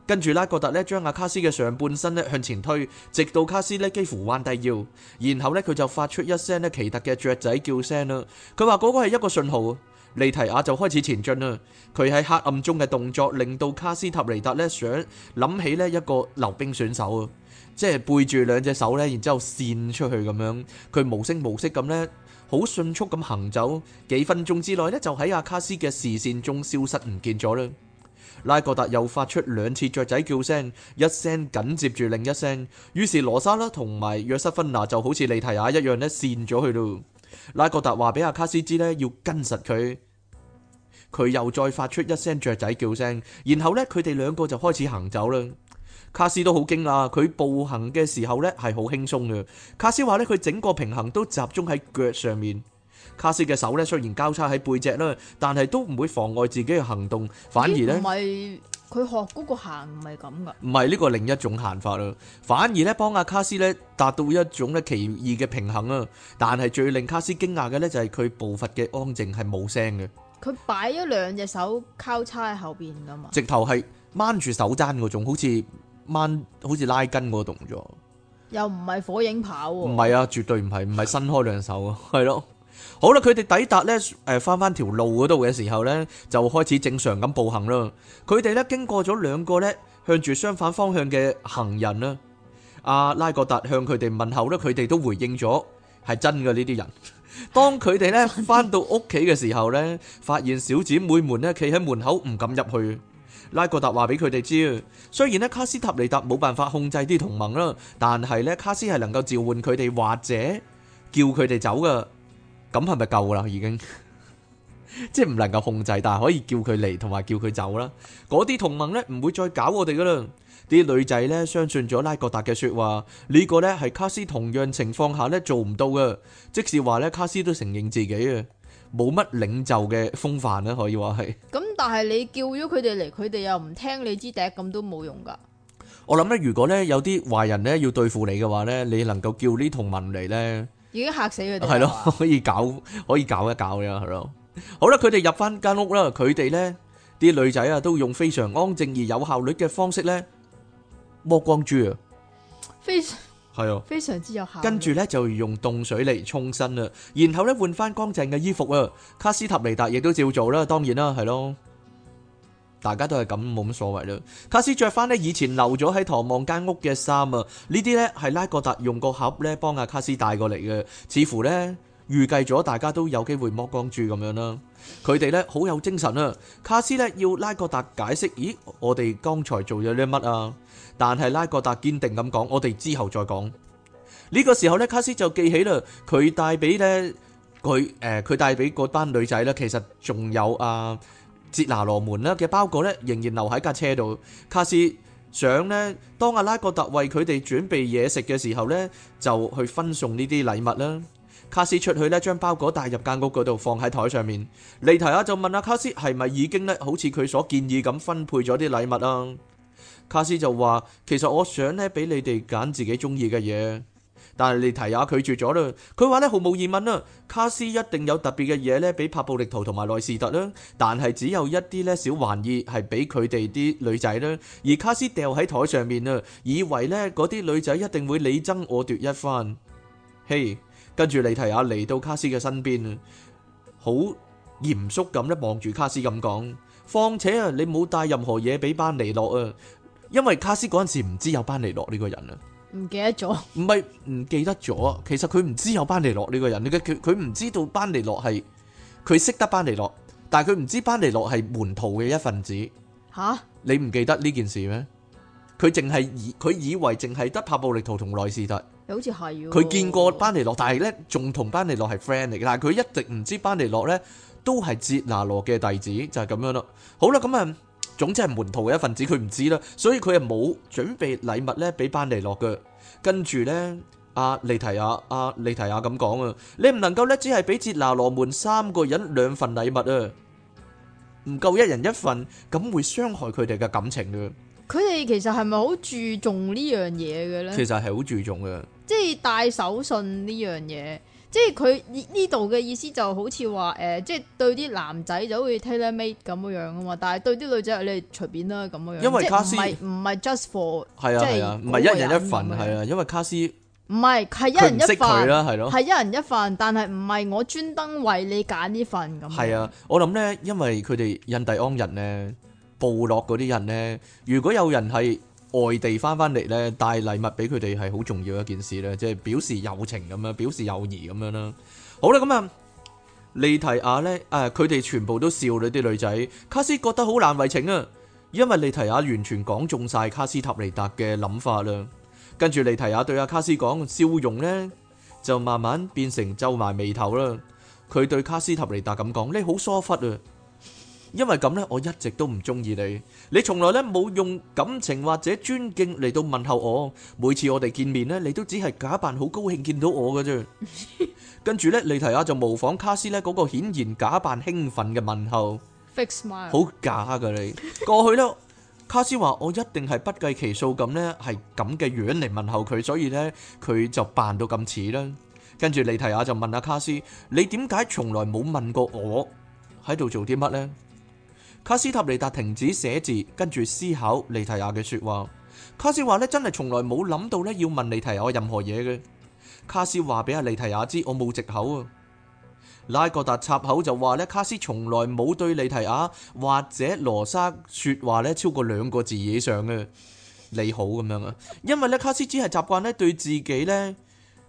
跟住拉格達咧將阿卡斯嘅上半身咧向前推，直到卡斯咧幾乎彎低腰，然後咧佢就發出一聲咧奇特嘅雀仔叫聲啦。佢話嗰個係一個信號利提亞就開始前進啦，佢喺黑暗中嘅動作令到卡斯塔尼達咧想諗起呢一個溜冰選手啊，即係背住兩隻手咧，然之後扇出去咁樣，佢無聲無息咁呢，好迅速咁行走，走，幾分鐘之內呢，就喺阿卡斯嘅視線中消失唔見咗啦。拉各達又發出兩次雀仔叫聲，一聲緊接住另一聲，於是羅莎啦同埋約瑟芬娜就好似利提亞一樣咧，扇咗佢咯。拉格達話俾阿卡斯知呢，要跟實佢。佢又再發出一聲雀仔叫聲，然後呢，佢哋兩個就開始行走啦。卡斯都好驚訝，佢步行嘅時候呢係好輕鬆嘅。卡斯話呢，佢整個平衡都集中喺腳上面。卡斯嘅手呢，雖然交叉喺背脊啦，但係都唔會妨礙自己嘅行動，反而呢。佢學嗰個行唔係咁噶，唔係呢個另一種行法啦，反而咧幫阿卡斯咧達到一種咧奇異嘅平衡啊！但係最令卡斯驚訝嘅咧就係佢步伐嘅安靜係冇聲嘅，佢擺咗兩隻手交叉喺後邊噶嘛，直頭係掹住手踭嗰種，好似掹好似拉筋嗰個動作，又唔係火影跑喎，唔係啊，絕對唔係，唔係伸開兩手啊，係咯。好啦，佢哋抵達咧，誒，翻翻條路嗰度嘅時候咧，就開始正常咁步行啦。佢哋咧經過咗兩個咧向住相反方向嘅行人啦。阿拉各達向佢哋問候咧，佢哋都回應咗係真嘅呢啲人。當佢哋咧翻到屋企嘅時候咧，發現小姊妹們咧企喺門口唔敢入去。拉各達話俾佢哋知，雖然咧卡斯塔尼達冇辦法控制啲同盟啦，但係咧卡斯係能夠召喚佢哋或者叫佢哋走噶。咁係咪夠啦？已經即係唔能夠控制，但係可以叫佢嚟同埋叫佢走啦。嗰啲同盟咧唔會再搞我哋噶啦。啲女仔咧相信咗拉各達嘅說話，呢個咧係卡斯同樣情況下咧做唔到嘅。即使話咧卡斯都承認自己啊冇乜領袖嘅風範啦，可以話係。咁但係你叫咗佢哋嚟，佢哋又唔聽你支笛，咁都冇用噶。我諗咧，如果咧有啲壞人咧要對付你嘅話咧，你能夠叫呢同盟嚟咧。已經嚇死佢哋係咯，可以搞可以搞一搞呀，係咯。好啦，佢哋入翻間屋啦。佢哋呢啲女仔啊，都用非常安靜而有效率嘅方式呢剝光豬，非常係啊，非常之有效。跟住呢就用凍水嚟沖身啦，然後呢換翻乾淨嘅衣服啊。卡斯塔尼達亦都照做啦，當然啦，係咯。大家都係咁，冇乜所謂啦。卡斯著翻咧以前留咗喺唐望間屋嘅衫啊，呢啲咧係拉格達用個盒咧幫阿卡斯帶過嚟嘅，似乎咧預計咗大家都有機會剝光豬咁樣啦。佢哋咧好有精神啊。卡斯咧要拉格達解釋，咦，我哋剛才做咗啲乜啊？但係拉格達堅定咁講，我哋之後再講。呢個時候咧，卡斯就記起啦，佢帶俾咧佢誒，佢帶俾嗰班女仔咧，其實仲有啊。捷拿羅門啦嘅包裹咧仍然留喺架車度，卡斯想呢，當阿拉戈特為佢哋準備嘢食嘅時候呢，就去分送呢啲禮物啦。卡斯出去呢，將包裹帶入間屋嗰度放喺台上面，利提亞就問阿卡斯係咪已經咧好似佢所建議咁分配咗啲禮物啊？卡斯就話：其實我想呢，俾你哋揀自己中意嘅嘢。但係利提亞拒絕咗啦，佢話咧毫無疑問啦，卡斯一定有特別嘅嘢咧俾帕布力圖同埋奈斯特啦，但係只有一啲咧小玩意係俾佢哋啲女仔啦，而卡斯掉喺台上面啊，以為咧嗰啲女仔一定會你爭我奪一番。嘿，跟住利提亞嚟到卡斯嘅身邊，好嚴肅咁咧望住卡斯咁講，況且啊，你冇帶任何嘢俾班尼洛啊，因為卡斯嗰陣時唔知有班尼洛呢個人啊。唔記得咗？唔係唔記得咗啊！其實佢唔知有班尼洛呢個人，佢佢佢唔知道班尼洛係佢識得班尼洛，但係佢唔知班尼洛係門徒嘅一份子。嚇！你唔記得呢件事咩？佢淨係以佢以為淨係得帕布力圖同內斯特，又好似係喎。佢見過班尼洛，但係呢仲同班尼洛係 friend 嚟，但係佢一直唔知班尼洛呢都係捷拿羅嘅弟子，就係咁樣咯。好啦，咁啊。總之係門徒嘅一份子，佢唔知啦，所以佢係冇準備禮物咧，俾班尼諾嘅。跟住咧，阿利提亞、阿利提亞咁講啊，你唔能夠咧，只係俾哲拿羅門三個人兩份禮物啊，唔夠一人一份，咁會傷害佢哋嘅感情嘅。佢哋其實係咪好注重呢樣嘢嘅咧？其實係好注重嘅，即係帶手信呢樣嘢。即係佢呢度嘅意思就好似話誒，即係對啲男仔就好似 tailor made 咁樣樣啊嘛，但係對啲女仔你隨便啦咁樣樣。因為卡斯唔係唔係 just for 係啊係啊，唔係一人一份係啊，因為卡斯唔係係一人一份，佢啦係咯，係啊，一人一份，但係唔係我專登為你揀呢份咁。係啊，我諗咧，因為佢哋印第安人咧，部落嗰啲人咧，如果有人係外地翻返嚟呢，帶禮物俾佢哋係好重要一件事咧，即係表示友情咁樣，表示友誼咁樣啦。好啦，咁啊，莉提亞呢，誒佢哋全部都笑你啲女仔，卡斯覺得好難為情啊，因為莉提亞完全講中晒卡斯塔尼達嘅諗法啦。跟住莉提亞對阿卡斯講，笑容呢，就慢慢變成皺埋眉頭啦。佢對卡斯塔尼達咁講，你好疏忽啊。因為咁咧，我一直都唔中意你。你從來咧冇用感情或者尊敬嚟到問候我。每次我哋見面咧，你都只係假扮好高興見到我㗎啫。跟住咧，莉提亞就模仿卡斯咧嗰個顯然假扮興奮嘅問候，fake smile，好假㗎你。過去囉，卡斯話我一定係不計其數咁咧，係咁嘅樣嚟問候佢，所以咧佢就扮到咁似啦。跟住莉提亞就問下卡斯：你點解從來冇問過我喺度做啲乜咧？卡斯塔尼達停止寫字，跟住思考利提亞嘅說話。卡斯話呢真係從來冇諗到咧要問利提亞任何嘢嘅。卡斯話俾阿利提亞知，我冇藉口啊。拉各達插口就話呢，卡斯從來冇對利提亞或者羅莎說話呢超過兩個字以上嘅，你好咁樣啊。因為呢，卡斯只係習慣咧對自己呢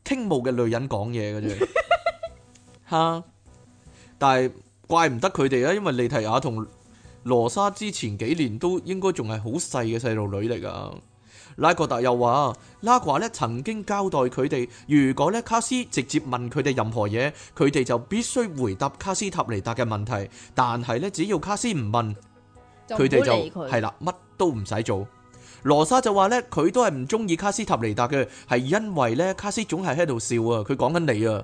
傾慕嘅女人講嘢嘅啫。吓， 但係怪唔得佢哋啊，因為利提亞同。羅莎之前幾年都應該仲係好細嘅細路女嚟㗎，拉各達又話，拉華呢曾經交代佢哋，如果呢卡斯直接問佢哋任何嘢，佢哋就必須回答卡斯塔尼達嘅問題，但係呢，只要卡斯唔問，佢哋就係啦，乜都唔使做。羅莎就話呢佢都係唔中意卡斯塔尼達嘅，係因為呢卡斯總係喺度笑啊，佢講緊你啊。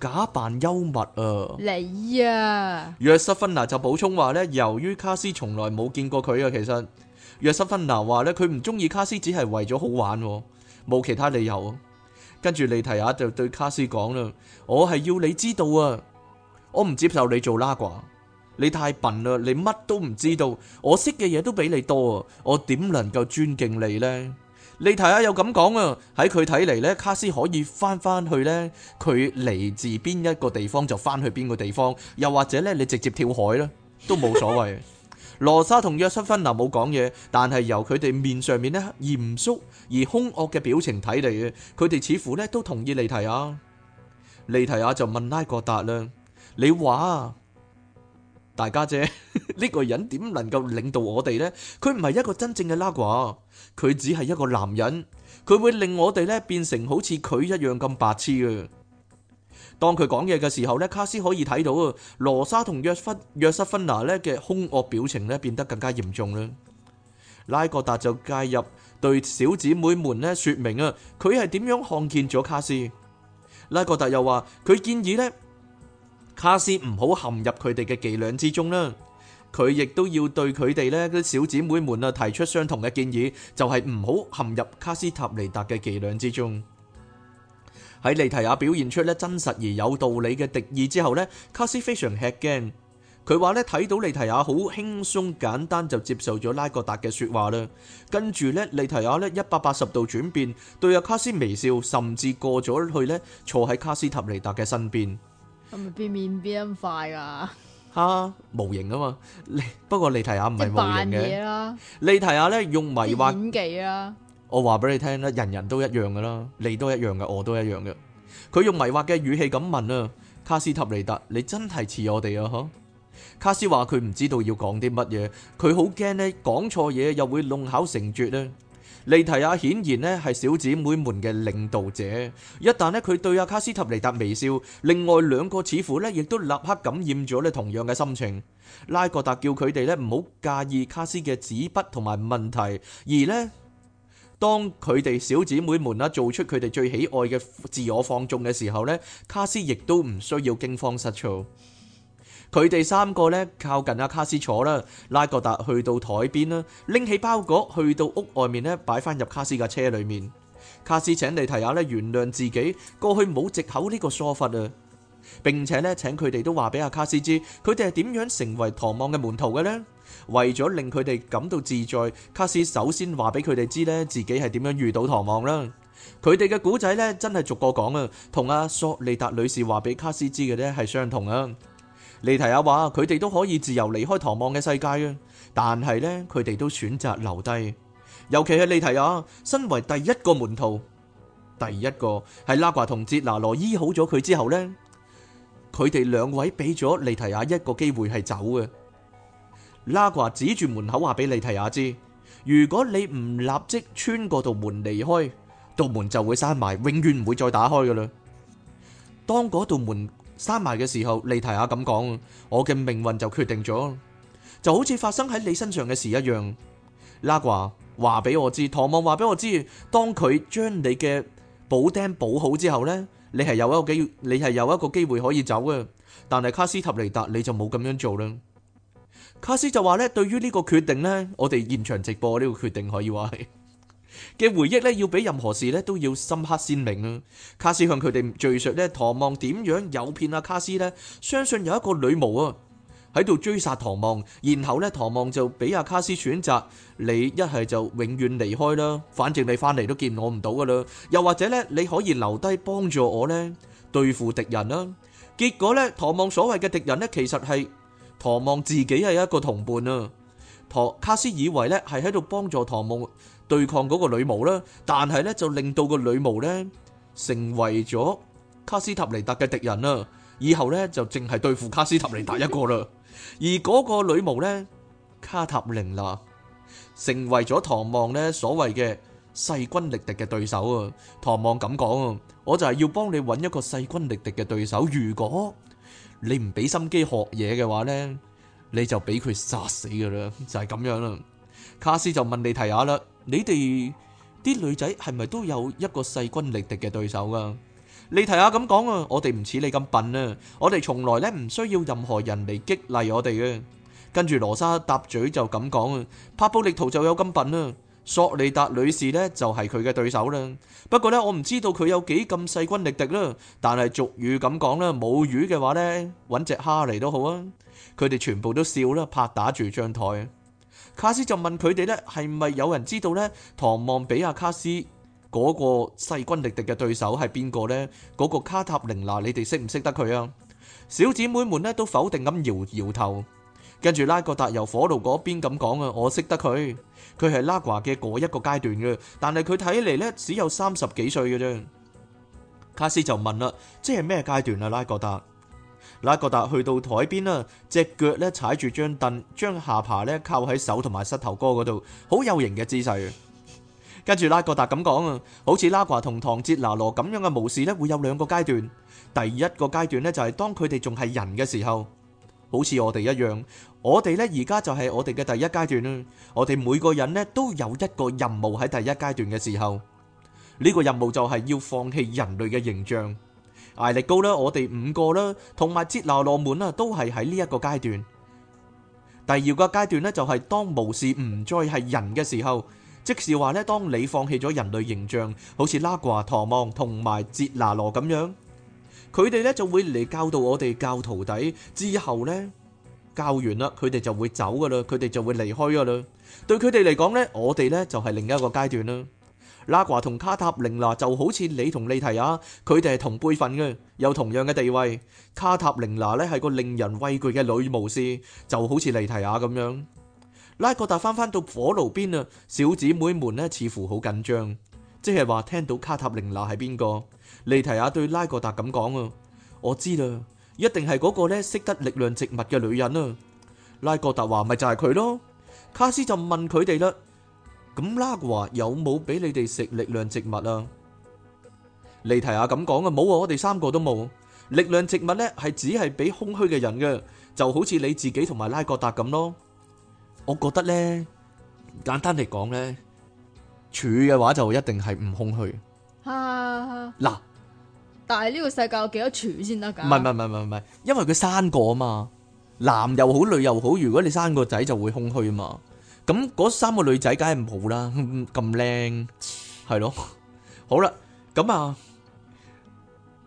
假扮幽默啊！你啊，約瑟芬娜就補充話咧，由於卡斯從來冇見過佢啊，其實約瑟芬娜話咧，佢唔中意卡斯，只係為咗好玩，冇其他理由啊。跟住利提亞就對卡斯講啦：我係要你知道啊，我唔接受你做拉寡，你太笨啦，你乜都唔知道，我識嘅嘢,都比你多啊，我點能夠尊敬你呢？利提亞又咁講啊！喺佢睇嚟咧，卡斯可以翻翻去咧，佢嚟自邊一個地方就翻去邊個地方，又或者咧，你直接跳海啦，都冇所謂。羅 莎同約瑟芬娜冇講嘢，但係由佢哋面上面咧嚴肅而兇惡嘅表情睇嚟，佢哋似乎咧都同意利提亞。利提亞，利提亞就問拉各達啦，你話大家姐呢 個人點能夠領導我哋呢？佢唔係一個真正嘅拉瓜。佢只係一個男人，佢會令我哋咧變成好似佢一樣咁白痴啊！當佢講嘢嘅時候咧，卡斯可以睇到啊，羅莎同約芬約瑟芬娜咧嘅凶惡表情咧變得更加嚴重啦。拉各達就介入對小姊妹們咧說明啊，佢係點樣看見咗卡斯。拉各達又話佢建議咧，卡斯唔好陷入佢哋嘅伎倆之中啦。佢亦都要對佢哋呢啲小姊妹們啊提出相同嘅建議，就係唔好陷入卡斯塔尼達嘅伎倆之中。喺利提亞表現出咧真實而有道理嘅敵意之後呢，卡斯非常吃驚。佢話呢睇到利提亞好輕鬆簡單就接受咗拉格達嘅説話啦。跟住呢，利提亞呢一百八十度轉變，對阿卡斯微笑，甚至過咗去呢坐喺卡斯塔尼達嘅身邊。係咪變面變咁快啊？哈，模型啊嘛，你不過利提亞唔係模型嘅嘢，利提亞咧用迷惑演技啦、啊。我話俾你聽啦，人人都一樣噶啦，你都一樣嘅，我都一樣嘅。佢用迷惑嘅語氣咁問啊，卡斯塔尼達，你真係似我哋啊，嗬？卡斯話佢唔知道要講啲乜嘢，佢好驚咧講錯嘢又會弄巧成拙咧、啊。利提亞顯然咧係小姊妹們嘅領導者，一旦咧佢對阿卡斯塔尼達微笑，另外兩個似乎咧亦都立刻感染咗咧同樣嘅心情。拉格達叫佢哋咧唔好介意卡斯嘅紙筆同埋問題，而呢，當佢哋小姊妹們啊做出佢哋最喜愛嘅自我放縱嘅時候呢，卡斯亦都唔需要驚慌失措。佢哋三個咧靠近阿卡斯坐啦，拉各達去到台邊啦，拎起包裹去到屋外面咧，擺翻入卡斯嘅車裏面。卡斯請你提下咧，原諒自己過去冇藉口呢個疏忽啊。並且咧，請佢哋都話俾阿卡斯知，佢哋係點樣成為唐望嘅門徒嘅呢？為咗令佢哋感到自在，卡斯首先話俾佢哋知咧，自己係點樣遇到唐望啦。佢哋嘅古仔咧真係逐個講啊，同阿索利達女士話俾卡斯知嘅咧係相同啊。利提亞話：佢哋都可以自由離開唐望嘅世界啊，但係呢，佢哋都選擇留低。尤其係利提亞，身為第一個門徒，第一個係拉瓜同捷拿羅醫好咗佢之後呢，佢哋兩位俾咗利提亞一個機會係走嘅。拉瓜指住門口話俾利提亞知：如果你唔立即穿過道門離開，道門就會閂埋，永遠唔會再打開噶啦。當嗰道門閂埋嘅時候，利提亞咁講，我嘅命運就決定咗，就好似發生喺你身上嘅事一樣。拉瓜話俾我知，唐望話俾我知，當佢將你嘅補釘補好之後呢，你係有一個機，你係有一個機會可以走嘅。但係卡斯塔尼達你就冇咁樣做啦。卡斯就話咧，對於呢個決定呢，我哋現場直播呢個決定可以話係。嘅回憶咧，要比任何事咧都要深刻鮮明啊！卡斯向佢哋敘述咧，唐望點樣誘騙阿卡斯呢？相信有一個女巫啊，喺度追殺唐望，然後咧，唐望就俾阿卡斯選擇：你一係就永遠離開啦，反正你翻嚟都見我唔到噶啦；又或者咧，你可以留低幫助我呢，對付敵人啦。結果咧，唐望所謂嘅敵人呢，其實係唐望自己係一個同伴啊！唐卡斯以為咧係喺度幫助唐望。對抗嗰個女巫啦，但係咧就令到個女巫咧成為咗卡斯塔尼達嘅敵人啦。以後咧就淨係對付卡斯塔尼達一個啦。而嗰個女巫咧卡塔琳娜，成為咗唐望咧所謂嘅勢均力敵嘅對手啊。唐望咁講啊，我就係要幫你揾一個勢均力敵嘅對手。如果你唔俾心機學嘢嘅話咧，你就俾佢殺死噶啦，就係咁樣啦。卡斯就問利提亞啦。你哋啲女仔係咪都有一個勢均力敵嘅對手噶？你提下咁講啊，我哋唔似你咁笨啊，我哋從來咧唔需要任何人嚟激勵我哋嘅。跟住羅莎搭嘴就咁講啊，帕布力圖就有咁笨啦，索利達女士咧就係佢嘅對手啦。不過咧，我唔知道佢有幾咁勢均力敵啦。但係俗語咁講啦，冇魚嘅話咧，搵隻蝦嚟都好啊。佢哋全部都笑啦，拍打住張台。卡斯就問佢哋呢係咪有人知道呢？唐望比阿卡斯嗰個勢均力敵嘅對手係邊個呢？嗰個卡塔靈娜，你哋識唔識得佢啊？小姊妹們呢都否定咁搖搖頭，跟住拉格達由火爐嗰邊咁講啊，我識得佢，佢係拉瓜嘅嗰一個階段嘅，但係佢睇嚟，呢只有三十幾歲嘅啫。卡斯就問啦，即係咩階段啊？拉格達？拉格達去到台邊啦，隻腳咧踩住張凳，將下巴咧靠喺手同埋膝頭哥嗰度，好有型嘅姿勢。跟住拉格達咁講啊，好似拉掛同唐哲拿羅咁樣嘅巫士咧，會有兩個階段。第一個階段咧就係當佢哋仲係人嘅時候，好似我哋一樣。我哋咧而家就係我哋嘅第一階段啦。我哋每個人咧都有一個任務喺第一階段嘅時候，呢個任務就係要放棄人類嘅形象。艾力高啦，我哋五個啦，同埋哲拿羅門啊，都係喺呢一個階段。第二個階段咧，就係當巫士唔再係人嘅時候，即是話咧，當你放棄咗人類形象，好似拉瓜、唐望同埋哲拿羅咁樣，佢哋咧就會嚟教導我哋教徒弟之後咧，教完啦，佢哋就會走噶啦，佢哋就會離開噶啦。對佢哋嚟講咧，我哋咧就係另一個階段啦。拉華同卡塔玲娜就好似你同利提亞，佢哋係同輩份嘅，有同樣嘅地位。卡塔玲娜咧係個令人畏懼嘅女巫師，就好似利提亞咁樣。拉格達翻返到火爐邊啊，小姐妹們咧似乎好緊張，即係話聽到卡塔玲娜係邊個？利提亞對拉格達咁講啊，我知啦，一定係嗰個咧識得力量植物嘅女人啊。拉格達話咪就係佢咯。卡斯就問佢哋啦。咁拉個話，有冇俾你哋食力量植物啊？利提亞咁講啊，冇啊！我哋三個都冇力量植物咧，係只係俾空虛嘅人嘅，就好似你自己同埋拉格達咁咯。我覺得咧，簡單嚟講咧，處嘅話就一定係唔空虛。啊！嗱，但係呢個世界有幾多處先得噶？唔係唔係唔係唔係，因為佢生個啊嘛，男又好，女又好，如果你生個仔就會空虛啊嘛。咁嗰三個女仔，梗係唔好啦，咁靚，係咯。好啦，咁啊，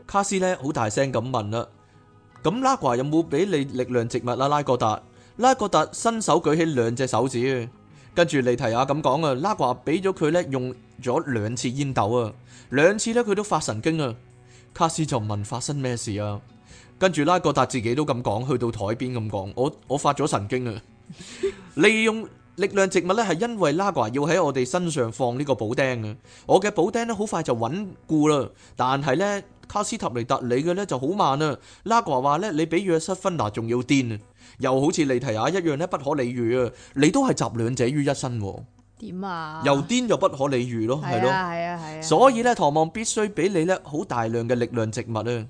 卡斯咧好大聲咁問啦。咁拉華有冇俾你力量植物啊？拉哥達，拉哥達伸手舉起兩隻手指，跟住李提阿咁講啊，拉華俾咗佢咧用咗兩次煙斗啊，兩次咧佢都發神經啊。卡斯就問發生咩事啊？跟住拉哥達自己都咁講，去到枱邊咁講，我我發咗神經啊，你用。力量植物咧，係因為拉瓜要喺我哋身上放呢個補釘嘅，我嘅補釘咧好快就穩固啦，但係咧卡斯塔尼達你嘅咧就好慢啊。拉瓜話咧你比約瑟芬娜仲要癲啊，又好似利提亞一樣咧不可理喻啊，你都係集兩者於一身。點啊？又癲又不可理喻咯，係咯？係啊係啊。所以咧，唐望必須俾你咧好大量嘅力量植物啊。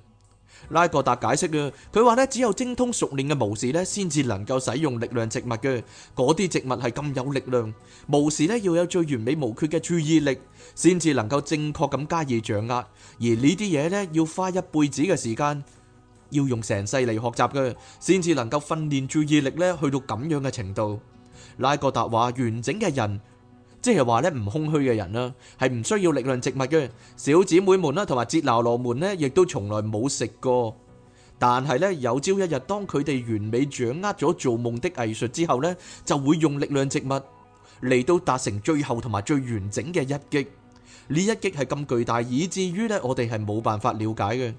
拉格達解釋嘅，佢話咧，只有精通熟練嘅巫士咧，先至能夠使用力量植物嘅。嗰啲植物係咁有力量，巫士咧，要有最完美無缺嘅注意力，先至能夠正確咁加以掌握。而呢啲嘢咧，要花一輩子嘅時間，要用成世嚟學習嘅，先至能夠訓練注意力咧去到咁樣嘅程度。拉格達話完整嘅人。即係話咧唔空虛嘅人啦，係唔需要力量植物嘅。小姊妹們啦，同埋捷拿羅們咧，亦都從來冇食過。但係咧，有朝一日當佢哋完美掌握咗做夢的藝術之後咧，就會用力量植物嚟到達成最後同埋最完整嘅一擊。呢一擊係咁巨大，以至於咧我哋係冇辦法了解嘅。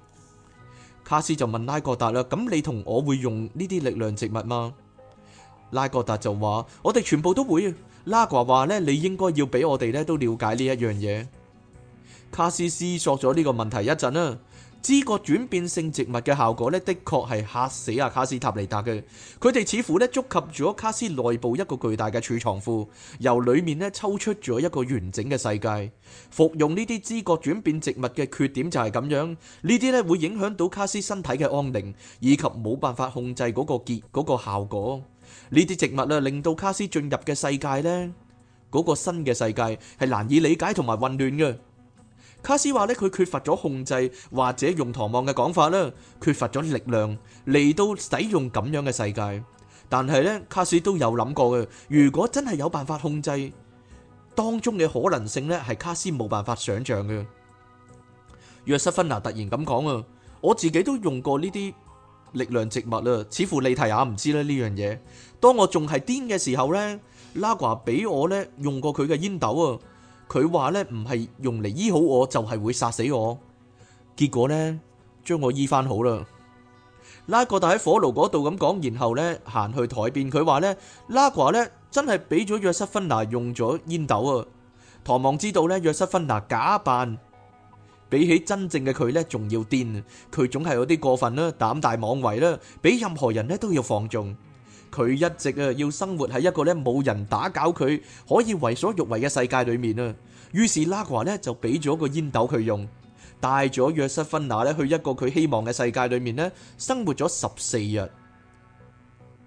卡斯就問拉各達啦：咁你同我會用呢啲力量植物嗎？拉各達就話：我哋全部都會。拉華話咧，你應該要俾我哋咧都了解呢一樣嘢。卡斯思索咗呢個問題一陣啦。知覺轉變性植物嘅效果咧，的確係吓死阿卡斯塔尼達嘅。佢哋似乎咧觸及咗卡斯內部一個巨大嘅儲藏庫，由裏面咧抽出咗一個完整嘅世界。服用呢啲知覺轉變植物嘅缺點就係咁樣，呢啲咧會影響到卡斯身體嘅安寧，以及冇辦法控制嗰個結、嗰個效果。呢啲植物咧，令到卡斯進入嘅世界咧，嗰個新嘅世界係難以理解同埋混亂嘅。卡斯話咧，佢缺乏咗控制，或者用唐望嘅講法啦，缺乏咗力量嚟到使用咁樣嘅世界。但係咧，卡斯都有諗過嘅。如果真係有辦法控制當中嘅可能性咧，係卡斯冇辦法想象嘅。約瑟芬娜突然咁講啊，我自己都用過呢啲。力量植物啦，似乎利提也唔知咧呢樣嘢。當我仲係癲嘅時候咧，拉華俾我咧用過佢嘅煙斗啊，佢話呢，唔係用嚟醫好我，就係會殺死我。結果呢，將我醫翻好啦。拉個就喺火爐嗰度咁講，然後呢行去台邊，佢話咧，拉華呢真係俾咗約瑟芬娜用咗煙斗啊。唐望知道呢，約瑟芬娜假扮比起真正嘅佢咧，仲要癲，佢總係有啲過分啦，膽大妄為啦，比任何人咧都要放縱。佢一直啊要生活喺一個咧冇人打攪佢，可以為所欲為嘅世界裏面啊。於是拉華咧就俾咗個煙斗佢用，帶咗約瑟芬娜咧去一個佢希望嘅世界裏面咧，生活咗十四日，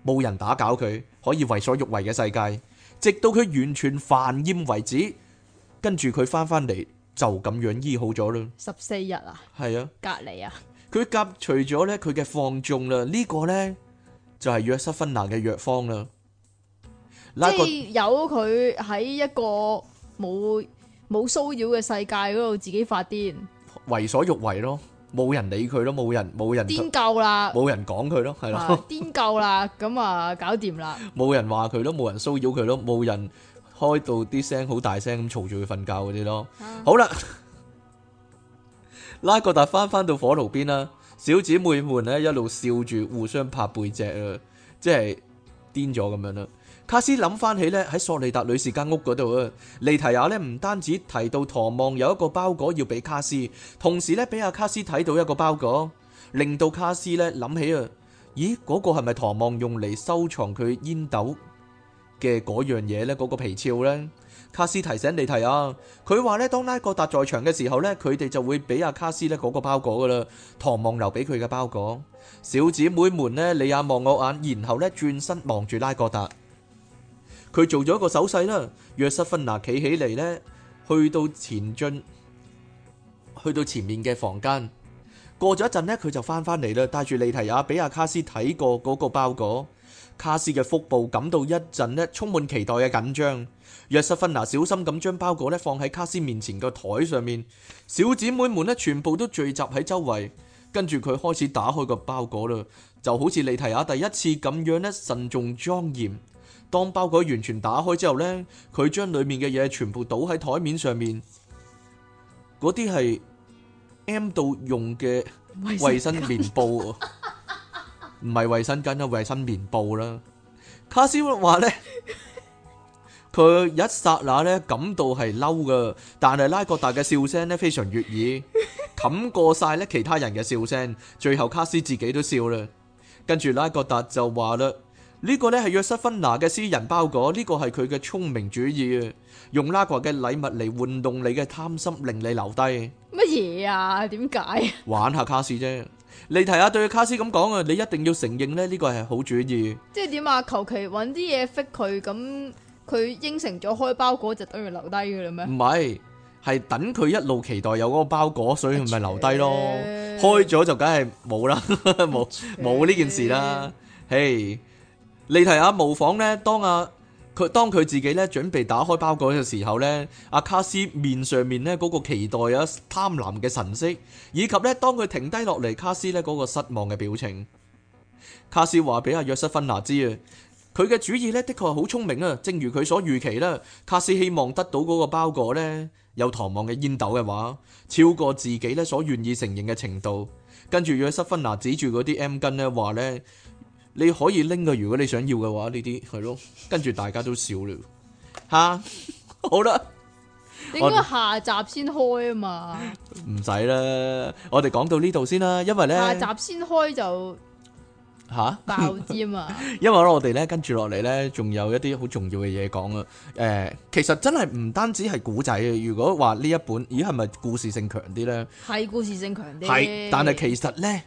冇人打攪佢，可以為所欲為嘅世界，直到佢完全煩厭為止。跟住佢翻返嚟。就咁樣醫好咗咯，十四日啊，係啊，隔離啊。佢夾除咗咧，佢嘅放縱啦，呢個咧就係約瑟芬蘭嘅藥方啦。即係由佢喺一個冇冇騷擾嘅世界嗰度，自己發癲，為所欲為咯，冇人理佢咯，冇人冇人癲夠啦，冇人講佢咯，係咯，癲夠啦，咁啊搞掂啦，冇人話佢咯，冇人騷擾佢咯，冇人。開到啲聲好大聲咁嘈住佢瞓覺嗰啲咯，啊、好啦了， 拉格達翻翻到火爐邊啦，小姊妹們咧一路笑住互相拍背脊啊，即係癲咗咁樣啦。卡斯諗翻起咧喺索利達女士間屋嗰度啊，利提亞咧唔單止提到唐望有一個包裹要俾卡斯，同時咧俾阿卡斯睇到一個包裹，令到卡斯咧諗起啊，咦嗰、嗰個係咪唐望用嚟收藏佢煙斗？嘅嗰樣嘢呢，嗰個皮鞘呢，卡斯提醒利提亞，佢話呢，當拉各達在場嘅時候呢，佢哋就會俾阿卡斯呢嗰個包裹噶啦，唐望留俾佢嘅包裹。小姊妹們呢，你眼望我眼，然後呢，轉身望住拉各達，佢做咗一個手勢啦。約瑟芬娜企起嚟呢，去到前進，去到前面嘅房間。過咗一陣呢，佢就翻返嚟啦，帶住利提亞俾阿卡斯睇過嗰個包裹。卡斯嘅腹部感到一陣咧充滿期待嘅緊張。約瑟芬娜小心咁將包裹咧放喺卡斯面前嘅台上面。小姊妹們咧全部都聚集喺周圍，跟住佢開始打開個包裹啦，就好似利提亞第一次咁樣咧慎重莊嚴。當包裹完全打開之後呢，佢將裏面嘅嘢全部倒喺台面上面。嗰啲係 M 度用嘅衛生棉布。唔係衛生巾啦，衛生棉布啦。卡斯話呢，佢一剎那呢感到係嬲噶，但係拉各達嘅笑聲呢非常悅耳，冚過晒呢其他人嘅笑聲，最後卡斯自己都笑啦。跟住拉各達就話啦：呢個呢係約瑟芬娜嘅私人包裹，呢個係佢嘅聰明主意啊，用拉各嘅禮物嚟玩弄你嘅貪心，令你留低乜嘢啊？點解？玩下卡斯啫。利提亞對阿卡斯咁講啊，你一定要承認咧，呢個係好主意。即係點啊？求其揾啲嘢逼佢，咁佢應承咗開包裹就等於留低噶啦咩？唔係，係等佢一路期待有嗰個包裹，所以佢咪留低咯。啊、開咗就梗係冇啦，冇冇呢件事啦。嘿、hey,，利提亞模仿咧，當阿、啊。佢當佢自己咧準備打開包裹嘅時候咧，阿卡斯面上面咧嗰個期待啊貪婪嘅神色，以及咧當佢停低落嚟，卡斯咧嗰個失望嘅表情。卡斯話俾阿約瑟芬娜知啊，佢嘅主意咧，的確係好聰明啊。正如佢所預期啦，卡斯希望得到嗰個包裹咧有唐望嘅煙斗嘅話，超過自己咧所願意承認嘅程度。跟住約瑟芬娜指住嗰啲 M 巾咧話咧。你可以拎個，如果你想要嘅話，呢啲係咯，跟住大家都笑了吓。啊、 好啦吧，你應該下集先開啊嘛，唔使啦，我哋講到呢度先啦，因為咧下集先開就吓爆尖啊，啊 因為我哋咧跟住落嚟咧，仲有一啲好重要嘅嘢講啊，誒、呃，其實真係唔單止係古仔，啊，如果話呢一本咦係咪故事性強啲咧，係故事性強啲，係，但係其實咧。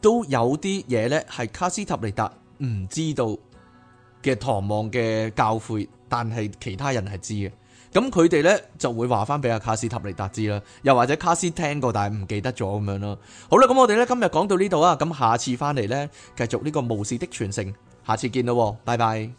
都有啲嘢呢，係卡斯塔尼達唔知道嘅唐望嘅教誨，但係其他人係知嘅。咁佢哋呢就會話翻俾阿卡斯塔尼達知啦，又或者卡斯聽過但係唔記得咗咁樣咯。好啦，咁我哋呢今日講到呢度啊，咁下次翻嚟呢，繼續呢、這個巫士的傳承，下次見啦，拜拜。